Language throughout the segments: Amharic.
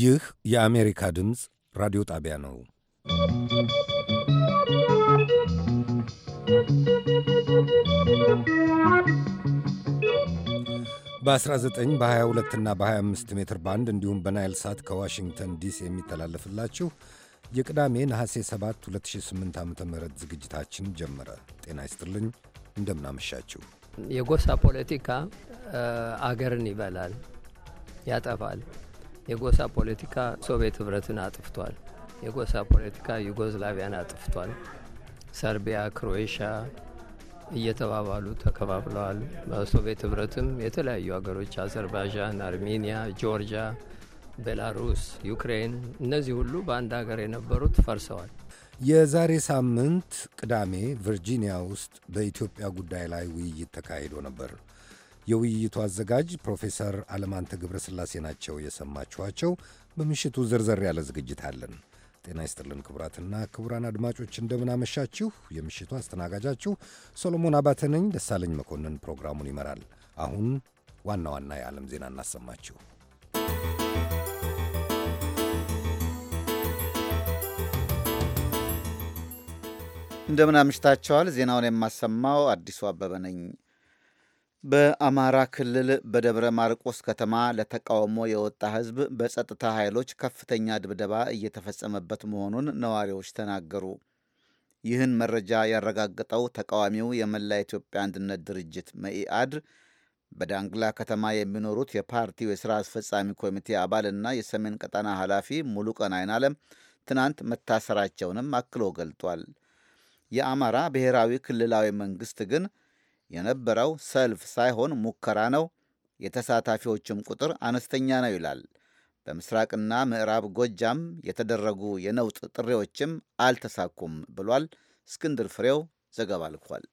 ይህ የአሜሪካ ድምፅ ራዲዮ ጣቢያ ነው። በ19 በ22 እና በ25 ሜትር ባንድ እንዲሁም በናይል ሳት ከዋሽንግተን ዲሲ የሚተላለፍላችሁ የቅዳሜ ነሐሴ 7 2008 ዓ ም ዝግጅታችን ጀመረ። ጤና ይስጥልኝ፣ እንደምናመሻችሁ። የጎሳ ፖለቲካ አገርን ይበላል፣ ያጠፋል። የጎሳ ፖለቲካ ሶቪየት ህብረትን አጥፍቷል። የጎሳ ፖለቲካ ዩጎዝላቪያን አጥፍቷል። ሰርቢያ፣ ክሮኤሽያ እየተባባሉ ተከባብለዋል። በሶቪየት ህብረትም የተለያዩ ሀገሮች አዘርባይጃን፣ አርሜኒያ፣ ጆርጂያ፣ ቤላሩስ፣ ዩክሬን እነዚህ ሁሉ በአንድ ሀገር የነበሩት ፈርሰዋል። የዛሬ ሳምንት ቅዳሜ ቨርጂኒያ ውስጥ በኢትዮጵያ ጉዳይ ላይ ውይይት ተካሂዶ ነበር። የውይይቱ አዘጋጅ ፕሮፌሰር አለማንተ ስላሴ ናቸው የሰማችኋቸው። በምሽቱ ዝርዝር ያለ ዝግጅት አለን። ጤና ይስጥልን ክቡራትና ክቡራን አድማጮች እንደምናመሻችሁ። የምሽቱ አስተናጋጃችሁ ሶሎሞን አባተ ነኝ። ደሳለኝ መኮንን ፕሮግራሙን ይመራል። አሁን ዋና ዋና የዓለም ዜና እናሰማችሁ። እንደምን አምሽታቸዋል። ዜናውን የማሰማው አዲሱ አበበ ነኝ። በአማራ ክልል በደብረ ማርቆስ ከተማ ለተቃውሞ የወጣ ሕዝብ በጸጥታ ኃይሎች ከፍተኛ ድብደባ እየተፈጸመበት መሆኑን ነዋሪዎች ተናገሩ። ይህን መረጃ ያረጋገጠው ተቃዋሚው የመላ ኢትዮጵያ አንድነት ድርጅት መኢአድ በዳንግላ ከተማ የሚኖሩት የፓርቲው የሥራ አስፈጻሚ ኮሚቴ አባልና የሰሜን ቀጠና ኃላፊ ሙሉቀን አይናለም ትናንት መታሰራቸውንም አክሎ ገልጧል። የአማራ ብሔራዊ ክልላዊ መንግስት ግን የነበረው ሰልፍ ሳይሆን ሙከራ ነው፣ የተሳታፊዎችም ቁጥር አነስተኛ ነው ይላል። በምስራቅና ምዕራብ ጎጃም የተደረጉ የነውጥ ጥሪዎችም አልተሳኩም ብሏል። እስክንድር ፍሬው ዘገባ ልኳል።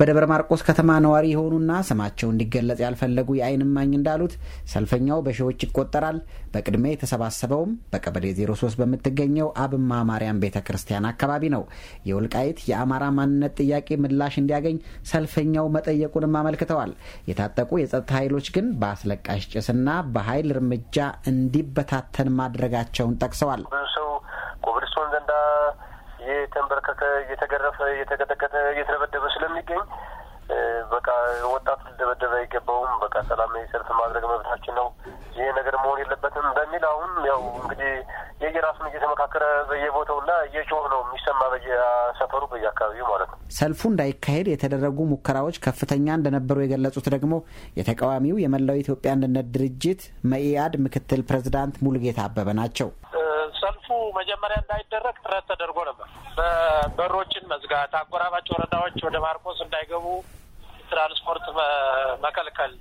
በደብረ ማርቆስ ከተማ ነዋሪ የሆኑና ስማቸው እንዲገለጽ ያልፈለጉ የአይን እማኝ እንዳሉት ሰልፈኛው በሺዎች ይቆጠራል። በቅድሚያ የተሰባሰበውም በቀበሌ 03 በምትገኘው አብማ ማርያም ቤተ ክርስቲያን አካባቢ ነው። የወልቃይት የአማራ ማንነት ጥያቄ ምላሽ እንዲያገኝ ሰልፈኛው መጠየቁንም አመልክተዋል። የታጠቁ የጸጥታ ኃይሎች ግን በአስለቃሽ ጭስና በኃይል እርምጃ እንዲበታተን ማድረጋቸውን ጠቅሰዋል። ብዙ ሰው እየተንበረከከ እየተገረፈ እየተቀጠቀጠ እየተደበደበ ስለሚገኝ በቃ ወጣቱ ሊደበደበ አይገባውም። በቃ ሰላማዊ ሰልፍ ማድረግ መብታችን ነው። ይሄ ነገር መሆን የለበትም በሚል አሁን ያው እንግዲህ የየራሱን እየተመካከረ በየቦታውና እየጮህ ነው የሚሰማ በየሰፈሩ በየአካባቢው ማለት ነው። ሰልፉ እንዳይካሄድ የተደረጉ ሙከራዎች ከፍተኛ እንደነበሩ የገለጹት ደግሞ የተቃዋሚው የመላው ኢትዮጵያ አንድነት ድርጅት መኢአድ ምክትል ፕሬዚዳንት ሙሉጌታ አበበ ናቸው። ሰልፉ መጀመሪያ እንዳይደረግ ጥረት ተደርጎ ነበር። በሮችን መዝጋት፣ አጎራባች ወረዳዎች ወደ ማርቆስ እንዳይገቡ የትራንስፖርት መከልከል፣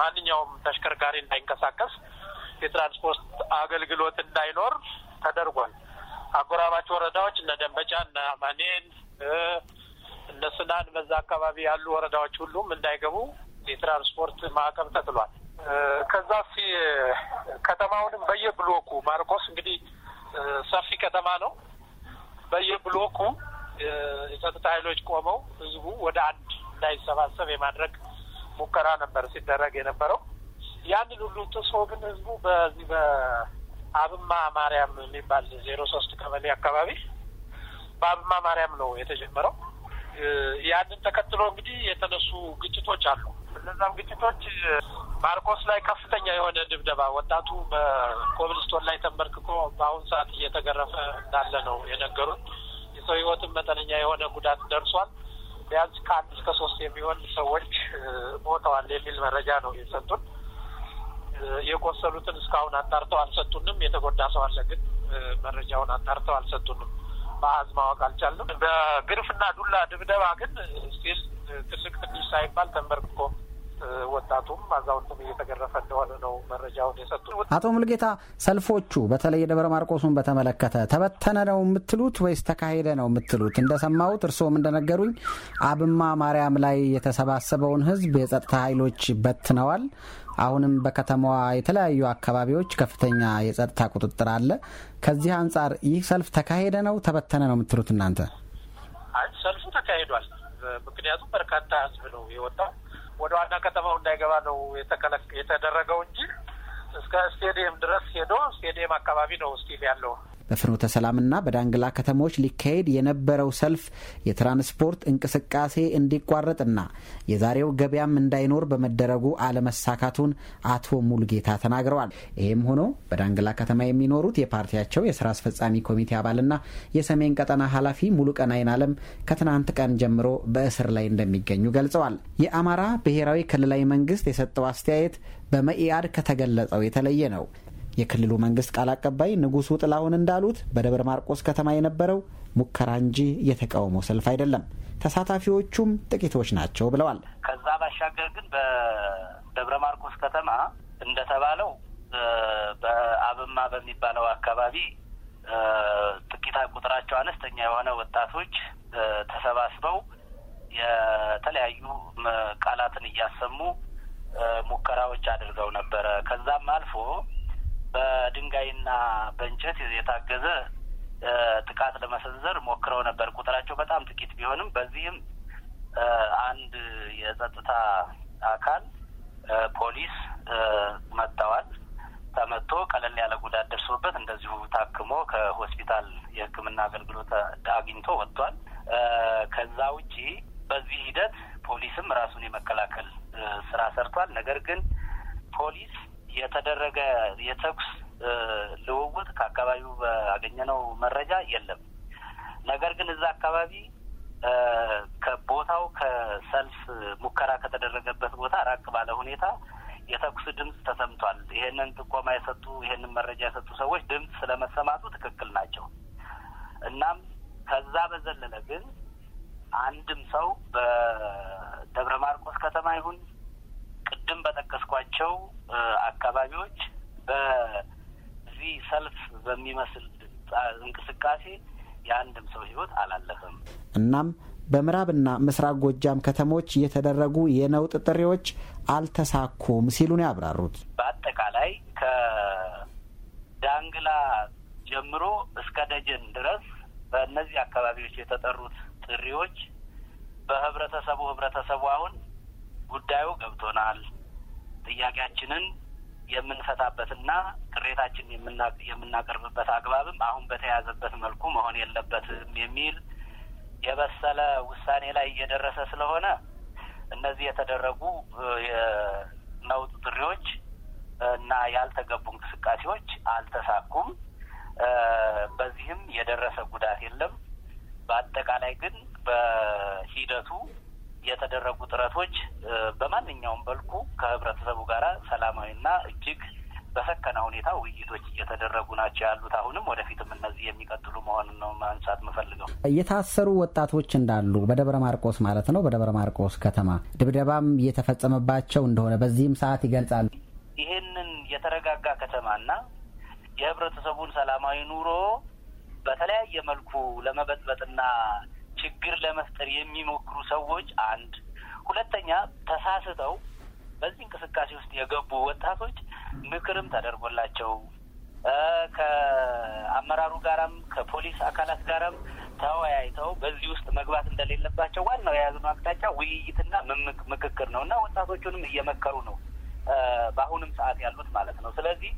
ማንኛውም ተሽከርካሪ እንዳይንቀሳቀስ፣ የትራንስፖርት አገልግሎት እንዳይኖር ተደርጓል። አጎራባች ወረዳዎች እነ ደንበጫ፣ እነ አማኔን፣ እነ ስናን በዛ አካባቢ ያሉ ወረዳዎች ሁሉም እንዳይገቡ የትራንስፖርት ማዕቀብ ተጥሏል። ከዛ ከተማውንም በየብሎኩ ማርቆስ እንግዲህ ሰፊ ከተማ ነው። በየብሎኩ የጸጥታ ኃይሎች ቆመው ህዝቡ ወደ አንድ እንዳይሰባሰብ የማድረግ ሙከራ ነበር ሲደረግ የነበረው። ያንን ሁሉ ጥሶ ግን ህዝቡ በዚህ በአብማ ማርያም የሚባል ዜሮ ሶስት ቀበሌ አካባቢ በአብማ ማርያም ነው የተጀመረው። ያንን ተከትሎ እንግዲህ የተነሱ ግጭቶች አሉ። እነዛም ግጭቶች ማርቆስ ላይ ከፍተኛ የሆነ ድብደባ ወጣቱ በኮብልስቶን ላይ ተንበርክኮ በአሁኑ ሰዓት እየተገረፈ እንዳለ ነው የነገሩት። የሰው ህይወትም መጠነኛ የሆነ ጉዳት ደርሷል። ቢያንስ ከአንድ እስከ ሶስት የሚሆን ሰዎች ሞተዋል የሚል መረጃ ነው የሰጡን። የቆሰሉትን እስካሁን አጣርተው አልሰጡንም። የተጎዳ ሰው አለ፣ ግን መረጃውን አጣርተው አልሰጡንም። በአዝ ማወቅ አልቻልንም። በግርፍና ዱላ ድብደባ ግን ስቲል ትልቅ ትንሽ ሳይባል ተንበርክኮ ወጣቱም አዛውንቱም እየተገረፈ እንደሆነ ነው መረጃውን የሰጡ። አቶ ሙልጌታ ሰልፎቹ በተለይ የደብረ ማርቆሱን በተመለከተ ተበተነ ነው የምትሉት ወይስ ተካሄደ ነው የምትሉት? እንደሰማሁት እርስዎም እንደነገሩኝ አብማ ማርያም ላይ የተሰባሰበውን ህዝብ የጸጥታ ኃይሎች በትነዋል። አሁንም በከተማዋ የተለያዩ አካባቢዎች ከፍተኛ የጸጥታ ቁጥጥር አለ። ከዚህ አንጻር ይህ ሰልፍ ተካሄደ ነው ተበተነ ነው የምትሉት እናንተ? ሰልፉ ተካሂዷል። ምክንያቱም በርካታ ህዝብ ነው የወጣው። ወደ ዋና ከተማው እንዳይገባ ነው የተደረገው እንጂ እስከ ስቴዲየም ድረስ ሄዶ ስቴዲየም አካባቢ ነው ስቲል ያለው በፍኖተ ሰላምና በዳንግላ ከተሞች ሊካሄድ የነበረው ሰልፍ የትራንስፖርት እንቅስቃሴ እንዲቋረጥና የዛሬው ገበያም እንዳይኖር በመደረጉ አለመሳካቱን አቶ ሙልጌታ ተናግረዋል። ይህም ሆኖ በዳንግላ ከተማ የሚኖሩት የፓርቲያቸው የስራ አስፈጻሚ ኮሚቴ አባልና የሰሜን ቀጠና ኃላፊ ሙሉቀን አይናለም ከትናንት ቀን ጀምሮ በእስር ላይ እንደሚገኙ ገልጸዋል። የአማራ ብሔራዊ ክልላዊ መንግስት የሰጠው አስተያየት በመኢአድ ከተገለጸው የተለየ ነው። የክልሉ መንግስት ቃል አቀባይ ንጉሱ ጥላሁን እንዳሉት በደብረ ማርቆስ ከተማ የነበረው ሙከራ እንጂ የተቃውሞ ሰልፍ አይደለም። ተሳታፊዎቹም ጥቂቶች ናቸው ብለዋል። ከዛ ባሻገር ግን በደብረ ማርቆስ ከተማ እንደተባለው በአብማ በሚባለው አካባቢ ጥቂት ቁጥራቸው አነስተኛ የሆነ ወጣቶች ተሰባስበው የተለያዩ ቃላትን እያሰሙ ሙከራዎች አድርገው ነበረ። ከዛም አልፎ በድንጋይና በእንጨት የታገዘ ጥቃት ለመሰንዘር ሞክረው ነበር። ቁጥራቸው በጣም ጥቂት ቢሆንም በዚህም አንድ የጸጥታ አካል ፖሊስ መጥተዋል። ተመቶ ቀለል ያለ ጉዳት ደርሶበት እንደዚሁ ታክሞ ከሆስፒታል የሕክምና አገልግሎት አግኝቶ ወጥቷል። ከዛ ውጪ በዚህ ሂደት ፖሊስም ራሱን የመከላከል ስራ ሰርቷል። ነገር ግን ፖሊስ የተደረገ የተኩስ ልውውጥ ከአካባቢው ባገኘነው መረጃ የለም። ነገር ግን እዛ አካባቢ ከቦታው ከሰልፍ ሙከራ ከተደረገበት ቦታ ራቅ ባለ ሁኔታ የተኩስ ድምፅ ተሰምቷል። ይሄንን ጥቆማ የሰጡ ይሄንን መረጃ የሰጡ ሰዎች ድምፅ ስለመሰማቱ ትክክል ናቸው። እናም ከዛ በዘለለ ግን አንድም ሰው በደብረ ማርቆስ ከተማ ይሁን ቅድም በጠቀስኳቸው አካባቢዎች በዚህ ሰልፍ በሚመስል እንቅስቃሴ የአንድም ሰው ህይወት አላለፈም። እናም በምዕራብና ምስራቅ ጎጃም ከተሞች የተደረጉ የነውጥ ጥሪዎች አልተሳኩም ሲሉ ነው ያብራሩት። በአጠቃላይ ከዳንግላ ጀምሮ እስከ ደጀን ድረስ በእነዚህ አካባቢዎች የተጠሩት ጥሪዎች በህብረተሰቡ ህብረተሰቡ አሁን ሰጥቶናል። ጥያቄያችንን የምንፈታበትና ቅሬታችን የምናቀርብበት አግባብም አሁን በተያዘበት መልኩ መሆን የለበትም የሚል የበሰለ ውሳኔ ላይ እየደረሰ ስለሆነ እነዚህ የተደረጉ የነውጥ ጥሪዎች እና ያልተገቡ እንቅስቃሴዎች አልተሳኩም። በዚህም የደረሰ ጉዳት የለም። በአጠቃላይ ግን በሂደቱ የተደረጉ ጥረቶች በማንኛውም በልኩ ከህብረተሰቡ ጋራ ሰላማዊና እጅግ በሰከነ ሁኔታ ውይይቶች እየተደረጉ ናቸው ያሉት። አሁንም ወደፊትም እነዚህ የሚቀጥሉ መሆኑን ነው ማንሳት ምፈልገው። የታሰሩ ወጣቶች እንዳሉ በደብረ ማርቆስ ማለት ነው፣ በደብረ ማርቆስ ከተማ ድብደባም እየተፈጸመባቸው እንደሆነ በዚህም ሰዓት ይገልጻሉ። ይህንን የተረጋጋ ከተማና የህብረተሰቡን ሰላማዊ ኑሮ በተለያየ መልኩ ለመበጥበጥና ችግር ለመፍጠር የሚሞክሩ ሰዎች አንድ፣ ሁለተኛ ተሳስተው በዚህ እንቅስቃሴ ውስጥ የገቡ ወጣቶች ምክርም ተደርጎላቸው ከአመራሩ ጋራም ከፖሊስ አካላት ጋራም ተወያይተው በዚህ ውስጥ መግባት እንደሌለባቸው ዋናው የያዝነው አቅጣጫ ውይይትና ምክክር ነው እና ወጣቶቹንም እየመከሩ ነው በአሁንም ሰዓት ያሉት ማለት ነው። ስለዚህ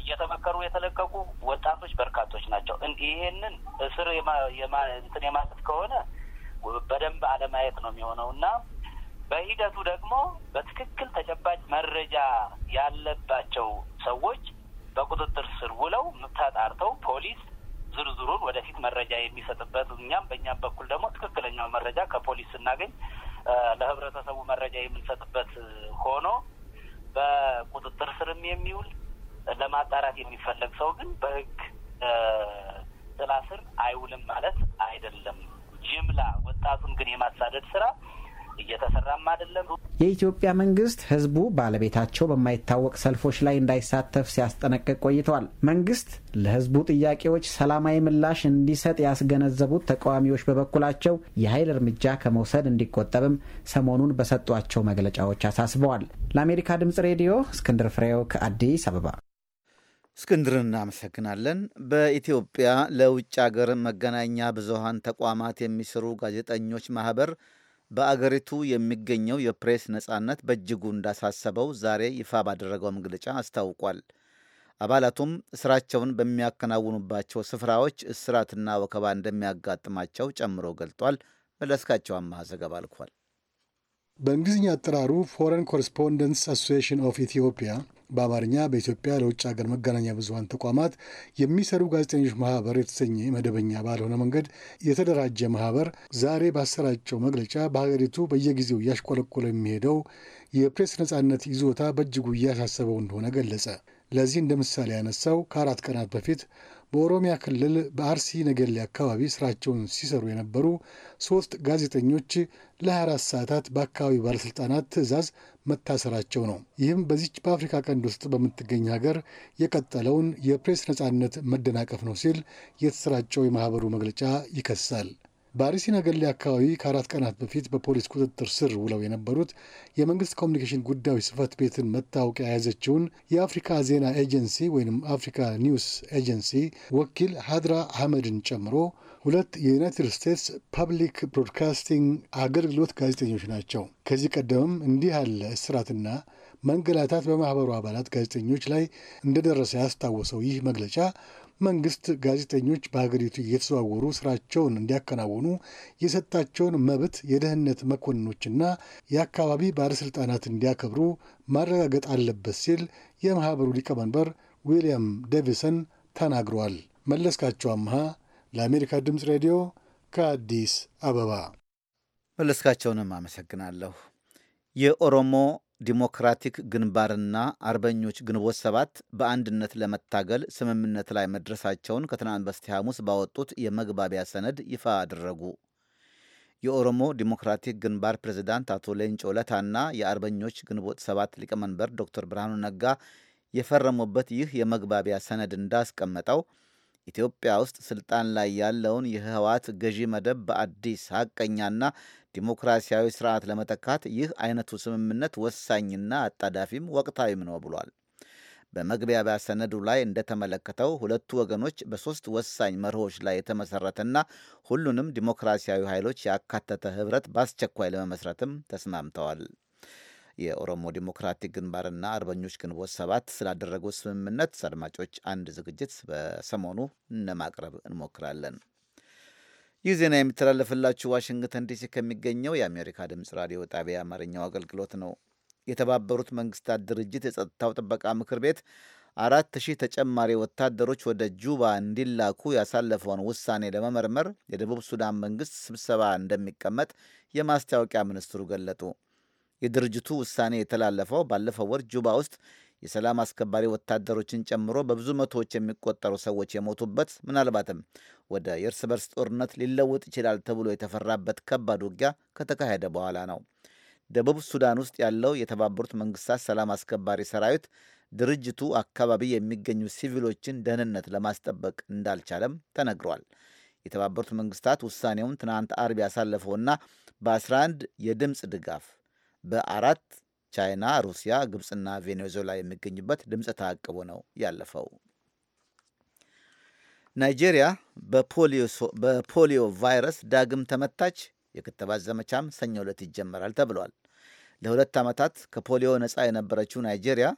እየተመከሩ የተለቀቁ ወጣቶች በርካቶች ናቸው። ይሄንን እስር እንትን የማለት ከሆነ በደንብ አለማየት ነው የሚሆነው እና በሂደቱ ደግሞ በትክክል ተጨባጭ መረጃ ያለባቸው ሰዎች በቁጥጥር ስር ውለው ተጣርተው ፖሊስ ዝርዝሩን ወደፊት መረጃ የሚሰጥበት እኛም በእኛም በኩል ደግሞ ትክክለኛው መረጃ ከፖሊስ ስናገኝ ለህብረተሰቡ መረጃ የምንሰጥበት ሆኖ በቁጥጥር ስርም የሚውል ለማጣራት የሚፈለግ ሰው ግን በህግ ጥላ ስር አይውልም ማለት አይደለም። ጅምላ ወጣቱን ግን የማሳደድ ስራ እየተሰራም አይደለም። የኢትዮጵያ መንግስት ህዝቡ ባለቤታቸው በማይታወቅ ሰልፎች ላይ እንዳይሳተፍ ሲያስጠነቅቅ ቆይተዋል። መንግስት ለህዝቡ ጥያቄዎች ሰላማዊ ምላሽ እንዲሰጥ ያስገነዘቡት ተቃዋሚዎች በበኩላቸው የኃይል እርምጃ ከመውሰድ እንዲቆጠብም ሰሞኑን በሰጧቸው መግለጫዎች አሳስበዋል። ለአሜሪካ ድምጽ ሬዲዮ እስክንድር ፍሬው ከአዲስ አበባ እስክንድርን እናመሰግናለን። በኢትዮጵያ ለውጭ አገር መገናኛ ብዙሃን ተቋማት የሚሰሩ ጋዜጠኞች ማህበር በአገሪቱ የሚገኘው የፕሬስ ነጻነት በእጅጉ እንዳሳሰበው ዛሬ ይፋ ባደረገው መግለጫ አስታውቋል። አባላቱም ስራቸውን በሚያከናውኑባቸው ስፍራዎች እስራትና ወከባ እንደሚያጋጥማቸው ጨምሮ ገልጧል። መለስካቸው አማሃ ዘገባ ልኳል። በእንግሊዝኛ አጠራሩ ፎረን ኮረስፖንደንስ አሶሲሽን ኦፍ ኢትዮጵያ በአማርኛ በኢትዮጵያ ለውጭ ሀገር መገናኛ ብዙሀን ተቋማት የሚሰሩ ጋዜጠኞች ማህበር የተሰኘ መደበኛ ባልሆነ መንገድ የተደራጀ ማህበር ዛሬ ባሰራጨው መግለጫ በሀገሪቱ በየጊዜው እያሽቆለቆለ የሚሄደው የፕሬስ ነጻነት ይዞታ በእጅጉ እያሳሰበው እንደሆነ ገለጸ። ለዚህ እንደ ምሳሌ ያነሳው ከአራት ቀናት በፊት በኦሮሚያ ክልል በአርሲ ነገሌ አካባቢ ስራቸውን ሲሰሩ የነበሩ ሶስት ጋዜጠኞች ለ24 ሰዓታት በአካባቢው ባለሥልጣናት ትዕዛዝ መታሰራቸው ነው። ይህም በዚች በአፍሪካ ቀንድ ውስጥ በምትገኝ ሀገር የቀጠለውን የፕሬስ ነጻነት መደናቀፍ ነው ሲል የተሰራጨው የማኅበሩ መግለጫ ይከሳል። በአርሲ ነገሌ አካባቢ ከአራት ቀናት በፊት በፖሊስ ቁጥጥር ስር ውለው የነበሩት የመንግስት ኮሚኒኬሽን ጉዳዮች ጽህፈት ቤትን መታወቂያ የያዘችውን የአፍሪካ ዜና ኤጀንሲ ወይም አፍሪካ ኒውስ ኤጀንሲ ወኪል ሀድራ አህመድን ጨምሮ ሁለት የዩናይትድ ስቴትስ ፐብሊክ ብሮድካስቲንግ አገልግሎት ጋዜጠኞች ናቸው። ከዚህ ቀደምም እንዲህ ያለ እስራትና መንገላታት በማኅበሩ አባላት ጋዜጠኞች ላይ እንደደረሰ ያስታወሰው ይህ መግለጫ መንግስት ጋዜጠኞች በሀገሪቱ እየተዘዋወሩ ስራቸውን እንዲያከናውኑ የሰጣቸውን መብት የደህንነት መኮንኖችና የአካባቢ ባለሥልጣናት እንዲያከብሩ ማረጋገጥ አለበት ሲል የማኅበሩ ሊቀመንበር ዊልያም ዴቪሰን ተናግረዋል። መለስካቸው አምሃ ለአሜሪካ ድምፅ ሬዲዮ ከአዲስ አበባ። መለስካቸውንም አመሰግናለሁ። የኦሮሞ ዲሞክራቲክ ግንባርና አርበኞች ግንቦት ሰባት በአንድነት ለመታገል ስምምነት ላይ መድረሳቸውን ከትናንት በስቲ ሐሙስ ባወጡት የመግባቢያ ሰነድ ይፋ አደረጉ። የኦሮሞ ዲሞክራቲክ ግንባር ፕሬዝዳንት አቶ ሌንጮ ለታና የአርበኞች ግንቦት ሰባት ሊቀመንበር ዶክተር ብርሃኑ ነጋ የፈረሙበት ይህ የመግባቢያ ሰነድ እንዳስቀመጠው ኢትዮጵያ ውስጥ ስልጣን ላይ ያለውን የህወሓት ገዢ መደብ በአዲስ ሀቀኛና ዲሞክራሲያዊ ስርዓት ለመተካት ይህ አይነቱ ስምምነት ወሳኝና አጣዳፊም ወቅታዊም ነው ብሏል። በመግቢያ ሰነዱ ላይ እንደተመለከተው ሁለቱ ወገኖች በሦስት ወሳኝ መርሆች ላይ የተመሠረተና ሁሉንም ዲሞክራሲያዊ ኃይሎች ያካተተ ኅብረት በአስቸኳይ ለመመስረትም ተስማምተዋል። የኦሮሞ ዲሞክራቲክ ግንባርና አርበኞች ግንቦት ሰባት ስላደረጉት ስምምነት አድማጮች፣ አንድ ዝግጅት በሰሞኑ ለማቅረብ እንሞክራለን። ይህ ዜና የሚተላለፍላችሁ ዋሽንግተን ዲሲ ከሚገኘው የአሜሪካ ድምፅ ራዲዮ ጣቢያ አማርኛው አገልግሎት ነው። የተባበሩት መንግስታት ድርጅት የጸጥታው ጥበቃ ምክር ቤት አራት ሺህ ተጨማሪ ወታደሮች ወደ ጁባ እንዲላኩ ያሳለፈውን ውሳኔ ለመመርመር የደቡብ ሱዳን መንግስት ስብሰባ እንደሚቀመጥ የማስታወቂያ ሚኒስትሩ ገለጡ። የድርጅቱ ውሳኔ የተላለፈው ባለፈው ወር ጁባ ውስጥ የሰላም አስከባሪ ወታደሮችን ጨምሮ በብዙ መቶዎች የሚቆጠሩ ሰዎች የሞቱበት ምናልባትም ወደ የእርስ በርስ ጦርነት ሊለወጥ ይችላል ተብሎ የተፈራበት ከባድ ውጊያ ከተካሄደ በኋላ ነው። ደቡብ ሱዳን ውስጥ ያለው የተባበሩት መንግስታት ሰላም አስከባሪ ሰራዊት ድርጅቱ አካባቢ የሚገኙ ሲቪሎችን ደህንነት ለማስጠበቅ እንዳልቻለም ተነግሯል። የተባበሩት መንግስታት ውሳኔውን ትናንት አርብ ያሳለፈውና በ11 የድምፅ ድጋፍ በአራት ቻይና፣ ሩሲያ፣ ግብፅና ቬኔዙዌላ የሚገኙበት ድምፅ ተአቅቦ ነው ያለፈው። ናይጄሪያ በፖሊዮ ቫይረስ ዳግም ተመታች። የክትባት ዘመቻም ሰኞ ዕለት ይጀመራል ተብሏል። ለሁለት ዓመታት ከፖሊዮ ነፃ የነበረችው ናይጄሪያ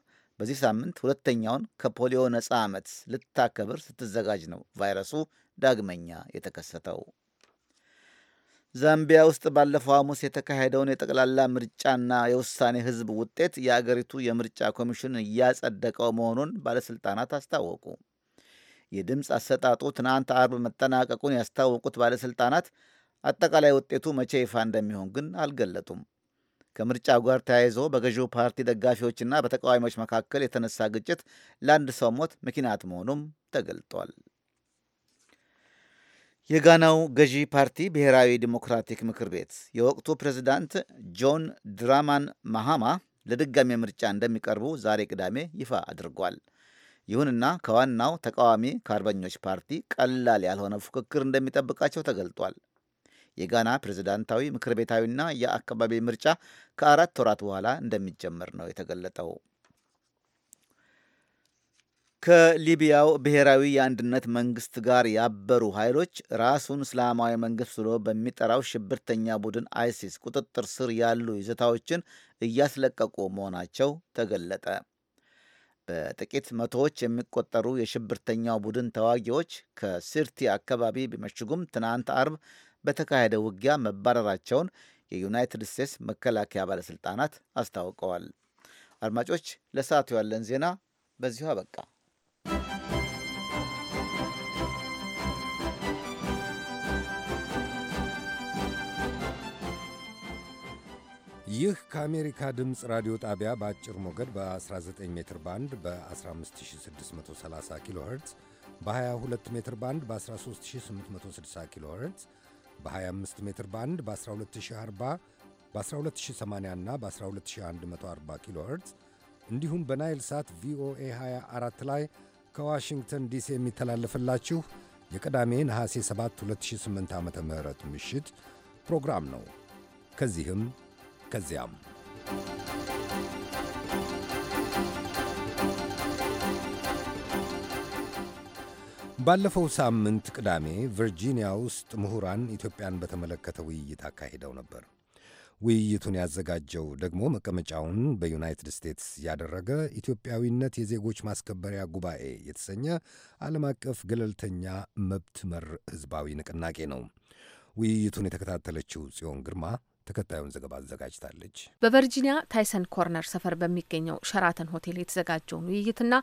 በዚህ ሳምንት ሁለተኛውን ከፖሊዮ ነፃ ዓመት ልታከብር ስትዘጋጅ ነው ቫይረሱ ዳግመኛ የተከሰተው። ዛምቢያ ውስጥ ባለፈው ሐሙስ የተካሄደውን የጠቅላላ ምርጫና የውሳኔ ሕዝብ ውጤት የአገሪቱ የምርጫ ኮሚሽን እያጸደቀው መሆኑን ባለሥልጣናት አስታወቁ። የድምፅ አሰጣጡ ትናንት አርብ መጠናቀቁን ያስታወቁት ባለሥልጣናት አጠቃላይ ውጤቱ መቼ ይፋ እንደሚሆን ግን አልገለጡም። ከምርጫው ጋር ተያይዞ በገዢው ፓርቲ ደጋፊዎችና በተቃዋሚዎች መካከል የተነሳ ግጭት ለአንድ ሰው ሞት ምክንያት መሆኑም ተገልጧል። የጋናው ገዢ ፓርቲ ብሔራዊ ዲሞክራቲክ ምክር ቤት የወቅቱ ፕሬዚዳንት ጆን ድራማን ማሃማ ለድጋሚ ምርጫ እንደሚቀርቡ ዛሬ ቅዳሜ ይፋ አድርጓል። ይሁንና ከዋናው ተቃዋሚ ከአርበኞች ፓርቲ ቀላል ያልሆነ ፉክክር እንደሚጠብቃቸው ተገልጧል። የጋና ፕሬዝዳንታዊ ምክር ቤታዊና የአካባቢ ምርጫ ከአራት ወራት በኋላ እንደሚጀመር ነው የተገለጠው። ከሊቢያው ብሔራዊ የአንድነት መንግስት ጋር ያበሩ ኃይሎች ራሱን እስላማዊ መንግስት ብሎ በሚጠራው ሽብርተኛ ቡድን አይሲስ ቁጥጥር ስር ያሉ ይዘታዎችን እያስለቀቁ መሆናቸው ተገለጠ። በጥቂት መቶዎች የሚቆጠሩ የሽብርተኛው ቡድን ተዋጊዎች ከሲርቲ አካባቢ ቢመሽጉም ትናንት አርብ በተካሄደ ውጊያ መባረራቸውን የዩናይትድ ስቴትስ መከላከያ ባለሥልጣናት አስታውቀዋል። አድማጮች፣ ለሰዓቱ ያለን ዜና በዚሁ አበቃ። ይህ ከአሜሪካ ድምፅ ራዲዮ ጣቢያ በአጭር ሞገድ በ19 ሜትር ባንድ በ15630 ኪሎ ኸርትዝ በ22 ሜትር ባንድ በ13860 ኪሎ ኸርትዝ በ25 ሜትር ባንድ በ12040 በ12080 እና በ12140 ኪሎ ኸርትዝ እንዲሁም በናይል ሳት ቪኦኤ 24 ላይ ከዋሽንግተን ዲሲ የሚተላለፍላችሁ የቅዳሜ ነሐሴ 7 2008 ዓ ም ምሽት ፕሮግራም ነው። ከዚህም ከዚያም ባለፈው ሳምንት ቅዳሜ ቨርጂኒያ ውስጥ ምሁራን ኢትዮጵያን በተመለከተ ውይይት አካሂደው ነበር። ውይይቱን ያዘጋጀው ደግሞ መቀመጫውን በዩናይትድ ስቴትስ ያደረገ ኢትዮጵያዊነት የዜጎች ማስከበሪያ ጉባኤ የተሰኘ ዓለም አቀፍ ገለልተኛ መብት መር ሕዝባዊ ንቅናቄ ነው። ውይይቱን የተከታተለችው ጽዮን ግርማ ተከታዩን ዘገባ አዘጋጅታለች። በቨርጂኒያ ታይሰን ኮርነር ሰፈር በሚገኘው ሸራተን ሆቴል የተዘጋጀውን ውይይትና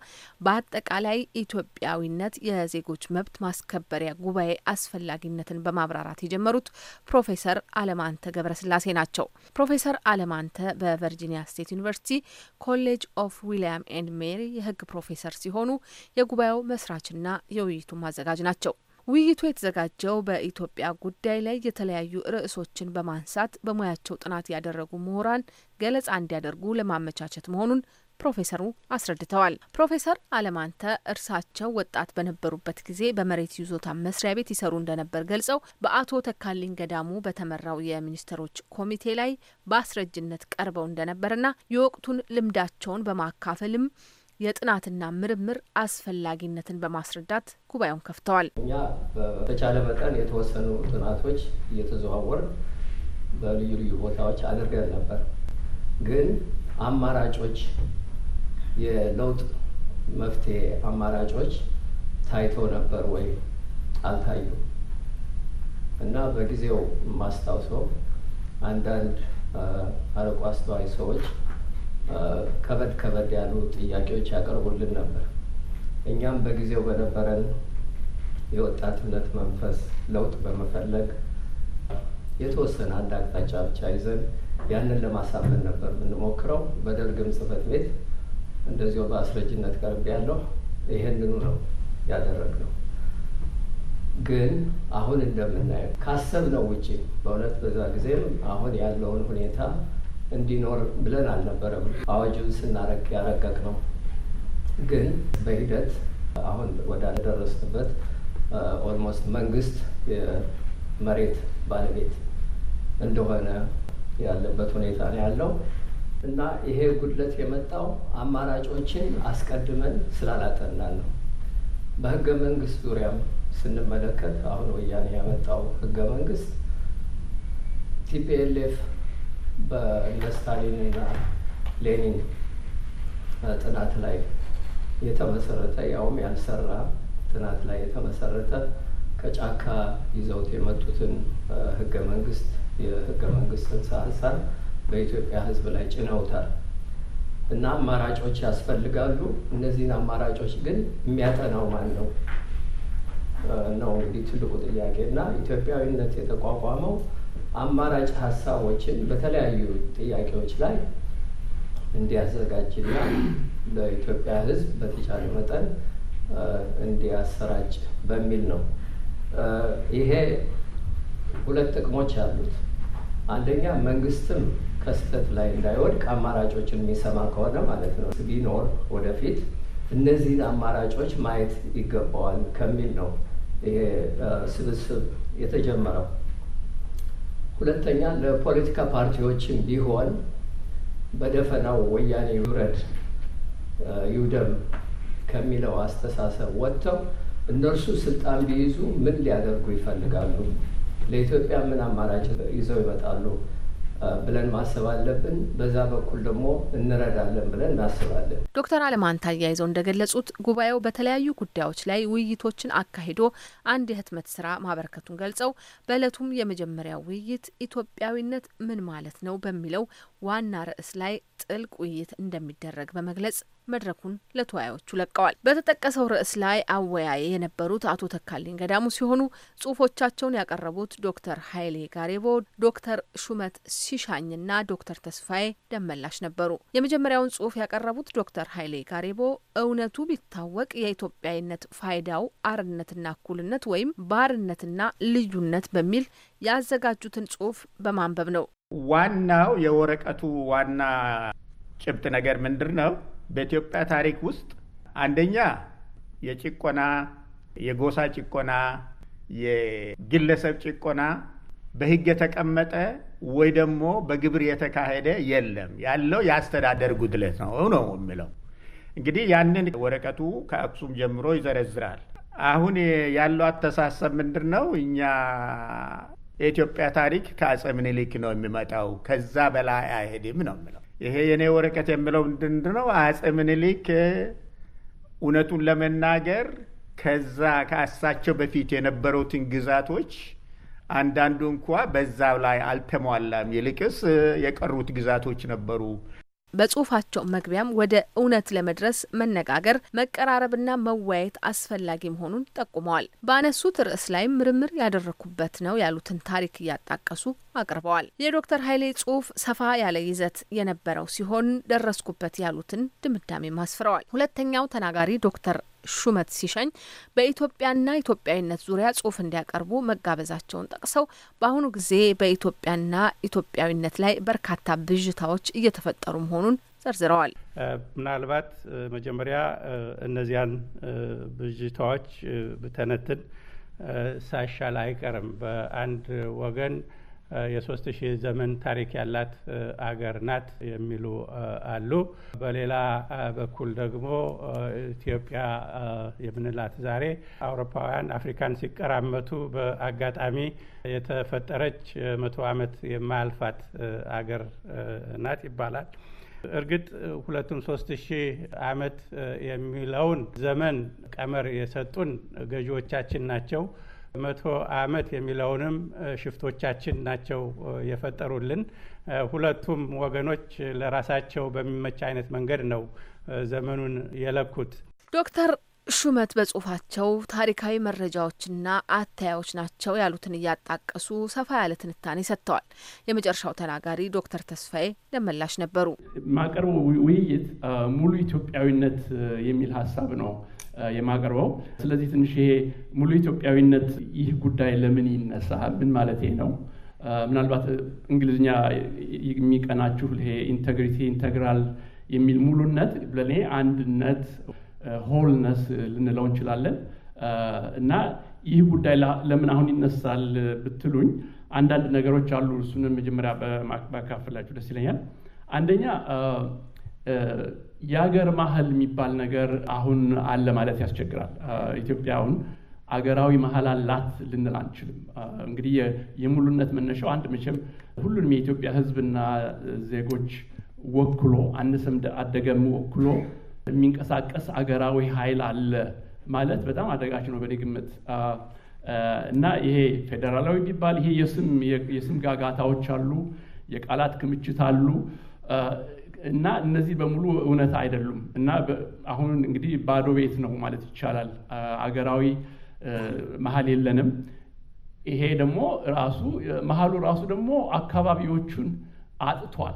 በአጠቃላይ ኢትዮጵያዊነት የዜጎች መብት ማስከበሪያ ጉባኤ አስፈላጊነትን በማብራራት የጀመሩት ፕሮፌሰር አለማንተ ገብረስላሴ ናቸው። ፕሮፌሰር አለማንተ በቨርጂኒያ ስቴት ዩኒቨርሲቲ ኮሌጅ ኦፍ ዊሊያም ኤንድ ሜሪ የህግ ፕሮፌሰር ሲሆኑ የጉባኤው መስራችና የውይይቱ ማዘጋጅ ናቸው። ውይይቱ የተዘጋጀው በኢትዮጵያ ጉዳይ ላይ የተለያዩ ርዕሶችን በማንሳት በሙያቸው ጥናት ያደረጉ ምሁራን ገለጻ እንዲያደርጉ ለማመቻቸት መሆኑን ፕሮፌሰሩ አስረድተዋል። ፕሮፌሰር አለማንተ እርሳቸው ወጣት በነበሩበት ጊዜ በመሬት ይዞታ መስሪያ ቤት ይሰሩ እንደነበር ገልጸው በአቶ ተካልኝ ገዳሙ በተመራው የሚኒስትሮች ኮሚቴ ላይ በአስረጅነት ቀርበው እንደነበርና የወቅቱን ልምዳቸውን በማካፈልም የጥናትና ምርምር አስፈላጊነትን በማስረዳት ጉባኤውን ከፍተዋል። እኛ በተቻለ መጠን የተወሰኑ ጥናቶች እየተዘዋወር በልዩ ልዩ ቦታዎች አድርገን ነበር። ግን አማራጮች የለውጥ መፍትሄ አማራጮች ታይቶ ነበር ወይ አልታዩ እና በጊዜው ማስታውሰው አንዳንድ አርቆ አስተዋይ ሰዎች ከበድ ከበድ ያሉ ጥያቄዎች ያቀርቡልን ነበር። እኛም በጊዜው በነበረን የወጣትነት መንፈስ ለውጥ በመፈለግ የተወሰነ አንድ አቅጣጫ ብቻ ይዘን ያንን ለማሳመን ነበር የምንሞክረው። በደርግም ጽፈት ቤት እንደዚሁ በአስረጅነት ቀርቤ ያለው ይህንኑ ነው ያደረግነው። ግን አሁን እንደምናየው ካሰብነው ውጪ በእውነት በዛ ጊዜም አሁን ያለውን ሁኔታ እንዲኖር ብለን አልነበረም አዋጁን ስናረግ ያረቀቅ ነው። ግን በሂደት አሁን ወዳደረስንበት ኦልሞስት መንግስት የመሬት ባለቤት እንደሆነ ያለበት ሁኔታ ነው ያለው እና ይሄ ጉድለት የመጣው አማራጮችን አስቀድመን ስላላጠናን ነው። በህገ መንግስት ዙሪያም ስንመለከት አሁን ወያኔ ያመጣው ህገ መንግስት ቲፒኤልኤፍ በስታሊንና ሌኒን ጥናት ላይ የተመሰረተ ያውም ያልሰራ ጥናት ላይ የተመሰረተ ከጫካ ይዘውት የመጡትን ህገ መንግስት የህገ መንግስትን ሀሳብ በኢትዮጵያ ህዝብ ላይ ጭነውታል እና አማራጮች ያስፈልጋሉ። እነዚህን አማራጮች ግን የሚያጠናው ማን ነው ነው እንግዲህ ትልቁ ጥያቄ እና ኢትዮጵያዊነት የተቋቋመው አማራጭ ሀሳቦችን በተለያዩ ጥያቄዎች ላይ እንዲያዘጋጅና ለኢትዮጵያ ሕዝብ በተቻለ መጠን እንዲያሰራጭ በሚል ነው። ይሄ ሁለት ጥቅሞች አሉት። አንደኛ መንግስትም ከስህተት ላይ እንዳይወድቅ አማራጮችን የሚሰማ ከሆነ ማለት ነው ቢኖር ወደፊት እነዚህን አማራጮች ማየት ይገባዋል ከሚል ነው ይሄ ስብስብ የተጀመረው። ሁለተኛ ለፖለቲካ ፓርቲዎችም ቢሆን በደፈናው ወያኔ ይውረድ ይውደም ከሚለው አስተሳሰብ ወጥተው እነርሱ ስልጣን ቢይዙ ምን ሊያደርጉ ይፈልጋሉ? ለኢትዮጵያ ምን አማራጭ ይዘው ይመጣሉ? ብለን ማሰብ አለብን። በዛ በኩል ደግሞ እንረዳለን ብለን እናስባለን። ዶክተር አለማንታ አያይዘው እንደገለጹት ጉባኤው በተለያዩ ጉዳዮች ላይ ውይይቶችን አካሂዶ አንድ የህትመት ስራ ማበረከቱን ገልጸው በእለቱም የመጀመሪያው ውይይት ኢትዮጵያዊነት ምን ማለት ነው በሚለው ዋና ርዕስ ላይ ጥልቅ ውይይት እንደሚደረግ በመግለጽ መድረኩን ለተወያዮቹ ለቀዋል። በተጠቀሰው ርዕስ ላይ አወያይ የነበሩት አቶ ተካልኝ ገዳሙ ሲሆኑ ጽሁፎቻቸውን ያቀረቡት ዶክተር ኃይሌ ጋሪቦ፣ ዶክተር ሹመት ሲሻኝና ዶክተር ተስፋዬ ደመላሽ ነበሩ። የመጀመሪያውን ጽሁፍ ያቀረቡት ዶክተር ኃይሌ ጋሪቦ እውነቱ ቢታወቅ የኢትዮጵያዊነት ፋይዳው አርነትና እኩልነት ወይም ባርነትና ልዩነት በሚል ያዘጋጁትን ጽሁፍ በማንበብ ነው። ዋናው የወረቀቱ ዋና ጭብጥ ነገር ምንድር ነው? በኢትዮጵያ ታሪክ ውስጥ አንደኛ የጭቆና የጎሳ ጭቆና፣ የግለሰብ ጭቆና በሕግ የተቀመጠ ወይ ደግሞ በግብር የተካሄደ የለም። ያለው የአስተዳደር ጉድለት ነው ነው የሚለው እንግዲህ ያንን ወረቀቱ ከአክሱም ጀምሮ ይዘረዝራል። አሁን ያለው አተሳሰብ ምንድር ነው? እኛ የኢትዮጵያ ታሪክ ከአጼ ምኒልክ ነው የሚመጣው፣ ከዛ በላይ አይሄድም ነው የምለው። ይሄ የኔ ወረቀት የምለው ምንድን ነው? አጼ ምኒልክ እውነቱን ለመናገር ከዛ ከአሳቸው በፊት የነበሩትን ግዛቶች አንዳንዱ እንኳ በዛ ላይ አልተሟላም፣ ይልቅስ የቀሩት ግዛቶች ነበሩ በጽሁፋቸው መግቢያም ወደ እውነት ለመድረስ መነጋገር፣ መቀራረብና መወያየት አስፈላጊ መሆኑን ጠቁመዋል። በአነሱት ርዕስ ላይም ምርምር ያደረኩበት ነው ያሉትን ታሪክ እያጣቀሱ አቅርበዋል። የዶክተር ኃይሌ ጽሁፍ ሰፋ ያለ ይዘት የነበረው ሲሆን ደረስኩበት ያሉትን ድምዳሜ ማስፍረዋል። ሁለተኛው ተናጋሪ ዶክተር ሹመት ሲሸኝ በኢትዮጵያና ኢትዮጵያዊነት ዙሪያ ጽሁፍ እንዲያቀርቡ መጋበዛቸውን ጠቅሰው በአሁኑ ጊዜ በኢትዮጵያና ኢትዮጵያዊነት ላይ በርካታ ብዥታዎች እየተፈጠሩ መሆኑን ዘርዝረዋል። ምናልባት መጀመሪያ እነዚያን ብዥታዎች ብተነትን ሳይሻል አይቀርም በአንድ ወገን የሶስት ሺህ ዘመን ታሪክ ያላት አገር ናት የሚሉ አሉ። በሌላ በኩል ደግሞ ኢትዮጵያ የምንላት ዛሬ አውሮፓውያን አፍሪካን ሲቀራመቱ በአጋጣሚ የተፈጠረች መቶ ዓመት የማያልፋት አገር ናት ይባላል። እርግጥ ሁለቱም ሶስት ሺህ ዓመት የሚለውን ዘመን ቀመር የሰጡን ገዢዎቻችን ናቸው። መቶ ዓመት የሚለውንም ሽፍቶቻችን ናቸው የፈጠሩልን። ሁለቱም ወገኖች ለራሳቸው በሚመች አይነት መንገድ ነው ዘመኑን የለኩት። ዶክተር ሹመት በጽሁፋቸው ታሪካዊ መረጃዎችና አተያዎች ናቸው ያሉትን እያጣቀሱ ሰፋ ያለ ትንታኔ ሰጥተዋል። የመጨረሻው ተናጋሪ ዶክተር ተስፋዬ ደመላሽ ነበሩ። ማቀርቡ ውይይት ሙሉ ኢትዮጵያዊነት የሚል ሀሳብ ነው። የማቀርበው። ስለዚህ ትንሽ ይሄ ሙሉ ኢትዮጵያዊነት ይህ ጉዳይ ለምን ይነሳል? ምን ማለት ነው? ምናልባት እንግሊዝኛ የሚቀናችሁ ይሄ ኢንተግሪቲ ኢንተግራል የሚል ሙሉነት ለእኔ አንድነት ሆልነስ ልንለው እንችላለን እና ይህ ጉዳይ ለምን አሁን ይነሳል ብትሉኝ አንዳንድ ነገሮች አሉ። እሱንም መጀመሪያ በካፈላችሁ ደስ ይለኛል። አንደኛ የአገር ማህል የሚባል ነገር አሁን አለ ማለት ያስቸግራል። ኢትዮጵያ አሁን አገራዊ መሀል አላት ልንል አንችልም። እንግዲህ የሙሉነት መነሻው አንድ መቼም ሁሉንም የኢትዮጵያ ሕዝብና ዜጎች ወክሎ አንስም አደገም ወክሎ የሚንቀሳቀስ አገራዊ ኃይል አለ ማለት በጣም አደጋች ነው በኔ ግምት እና ይሄ ፌዴራላዊ የሚባል ይሄ የስም ጋጋታዎች አሉ፣ የቃላት ክምችት አሉ። እና እነዚህ በሙሉ እውነት አይደሉም። እና አሁን እንግዲህ ባዶ ቤት ነው ማለት ይቻላል። አገራዊ መሀል የለንም። ይሄ ደግሞ ራሱ መሀሉ ራሱ ደግሞ አካባቢዎቹን አጥቷል፣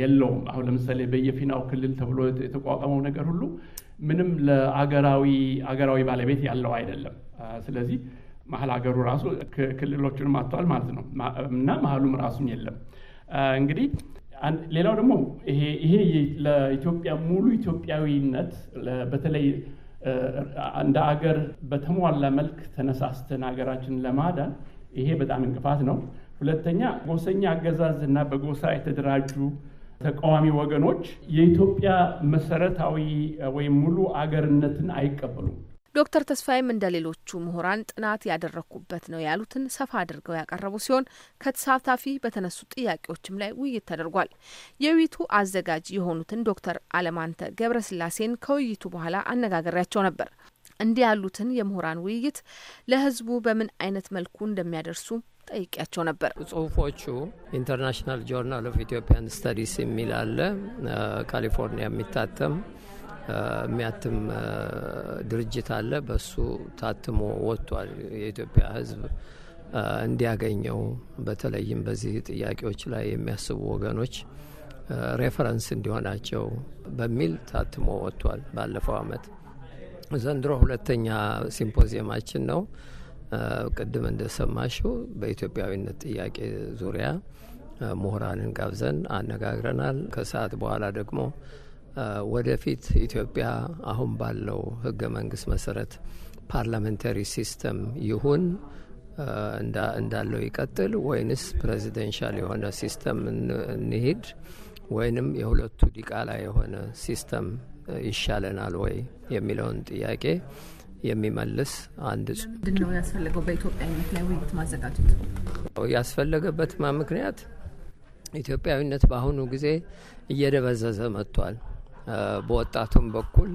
የለውም። አሁን ለምሳሌ በየፊናው ክልል ተብሎ የተቋቋመው ነገር ሁሉ ምንም ለአገራዊ አገራዊ ባለቤት ያለው አይደለም። ስለዚህ መሀል ሀገሩ ራሱ ክልሎቹንም አጥቷል ማለት ነው እና መሀሉም ራሱም የለም እንግዲህ ሌላው ደግሞ ይሄ ለኢትዮጵያ ሙሉ ኢትዮጵያዊነት በተለይ እንደ አገር በተሟላ መልክ ተነሳስተን ሀገራችንን ለማዳን ይሄ በጣም እንቅፋት ነው። ሁለተኛ ጎሰኛ አገዛዝ እና በጎሳ የተደራጁ ተቃዋሚ ወገኖች የኢትዮጵያ መሰረታዊ ወይም ሙሉ አገርነትን አይቀበሉም። ዶክተር ተስፋዬም እንደ ሌሎቹ ምሁራን ጥናት ያደረግኩበት ነው ያሉትን ሰፋ አድርገው ያቀረቡ ሲሆን ከተሳታፊ በተነሱ ጥያቄዎችም ላይ ውይይት ተደርጓል። የውይይቱ አዘጋጅ የሆኑትን ዶክተር አለማንተ ገብረስላሴን ከውይይቱ በኋላ አነጋገሪያቸው ነበር። እንዲህ ያሉትን የምሁራን ውይይት ለህዝቡ በምን አይነት መልኩ እንደሚያደርሱ ጠይቂያቸው ነበር። ጽሁፎቹ ኢንተርናሽናል ጆርናል ኦፍ ኢትዮጵያን ስታዲስ የሚል አለ፣ ካሊፎርኒያ የሚታተም የሚያትም ድርጅት አለ። በሱ ታትሞ ወጥቷል። የኢትዮጵያ ሕዝብ እንዲያገኘው በተለይም በዚህ ጥያቄዎች ላይ የሚያስቡ ወገኖች ሬፈረንስ እንዲሆናቸው በሚል ታትሞ ወጥቷል። ባለፈው አመት ዘንድሮ ሁለተኛ ሲምፖዚየማችን ነው። ቅድም እንደሰማሽው በኢትዮጵያዊነት ጥያቄ ዙሪያ ምሁራንን ጋብዘን አነጋግረናል። ከሰዓት በኋላ ደግሞ ወደፊት ኢትዮጵያ አሁን ባለው ህገ መንግስት መሰረት ፓርላሜንታሪ ሲስተም ይሁን እንዳለው ይቀጥል ወይንስ ፕሬዚደንሻል የሆነ ሲስተም እንሄድ ወይንም የሁለቱ ዲቃላ የሆነ ሲስተም ይሻለናል ወይ የሚለውን ጥያቄ የሚመልስ አንድ ነው ያስፈለገው በኢትዮጵያዊነት ላይ ውይይት ማዘጋጀት ያስፈለገበት ምክንያት ኢትዮጵያዊነት በአሁኑ ጊዜ እየደበዘዘ መጥቷል። በወጣቱም በኩል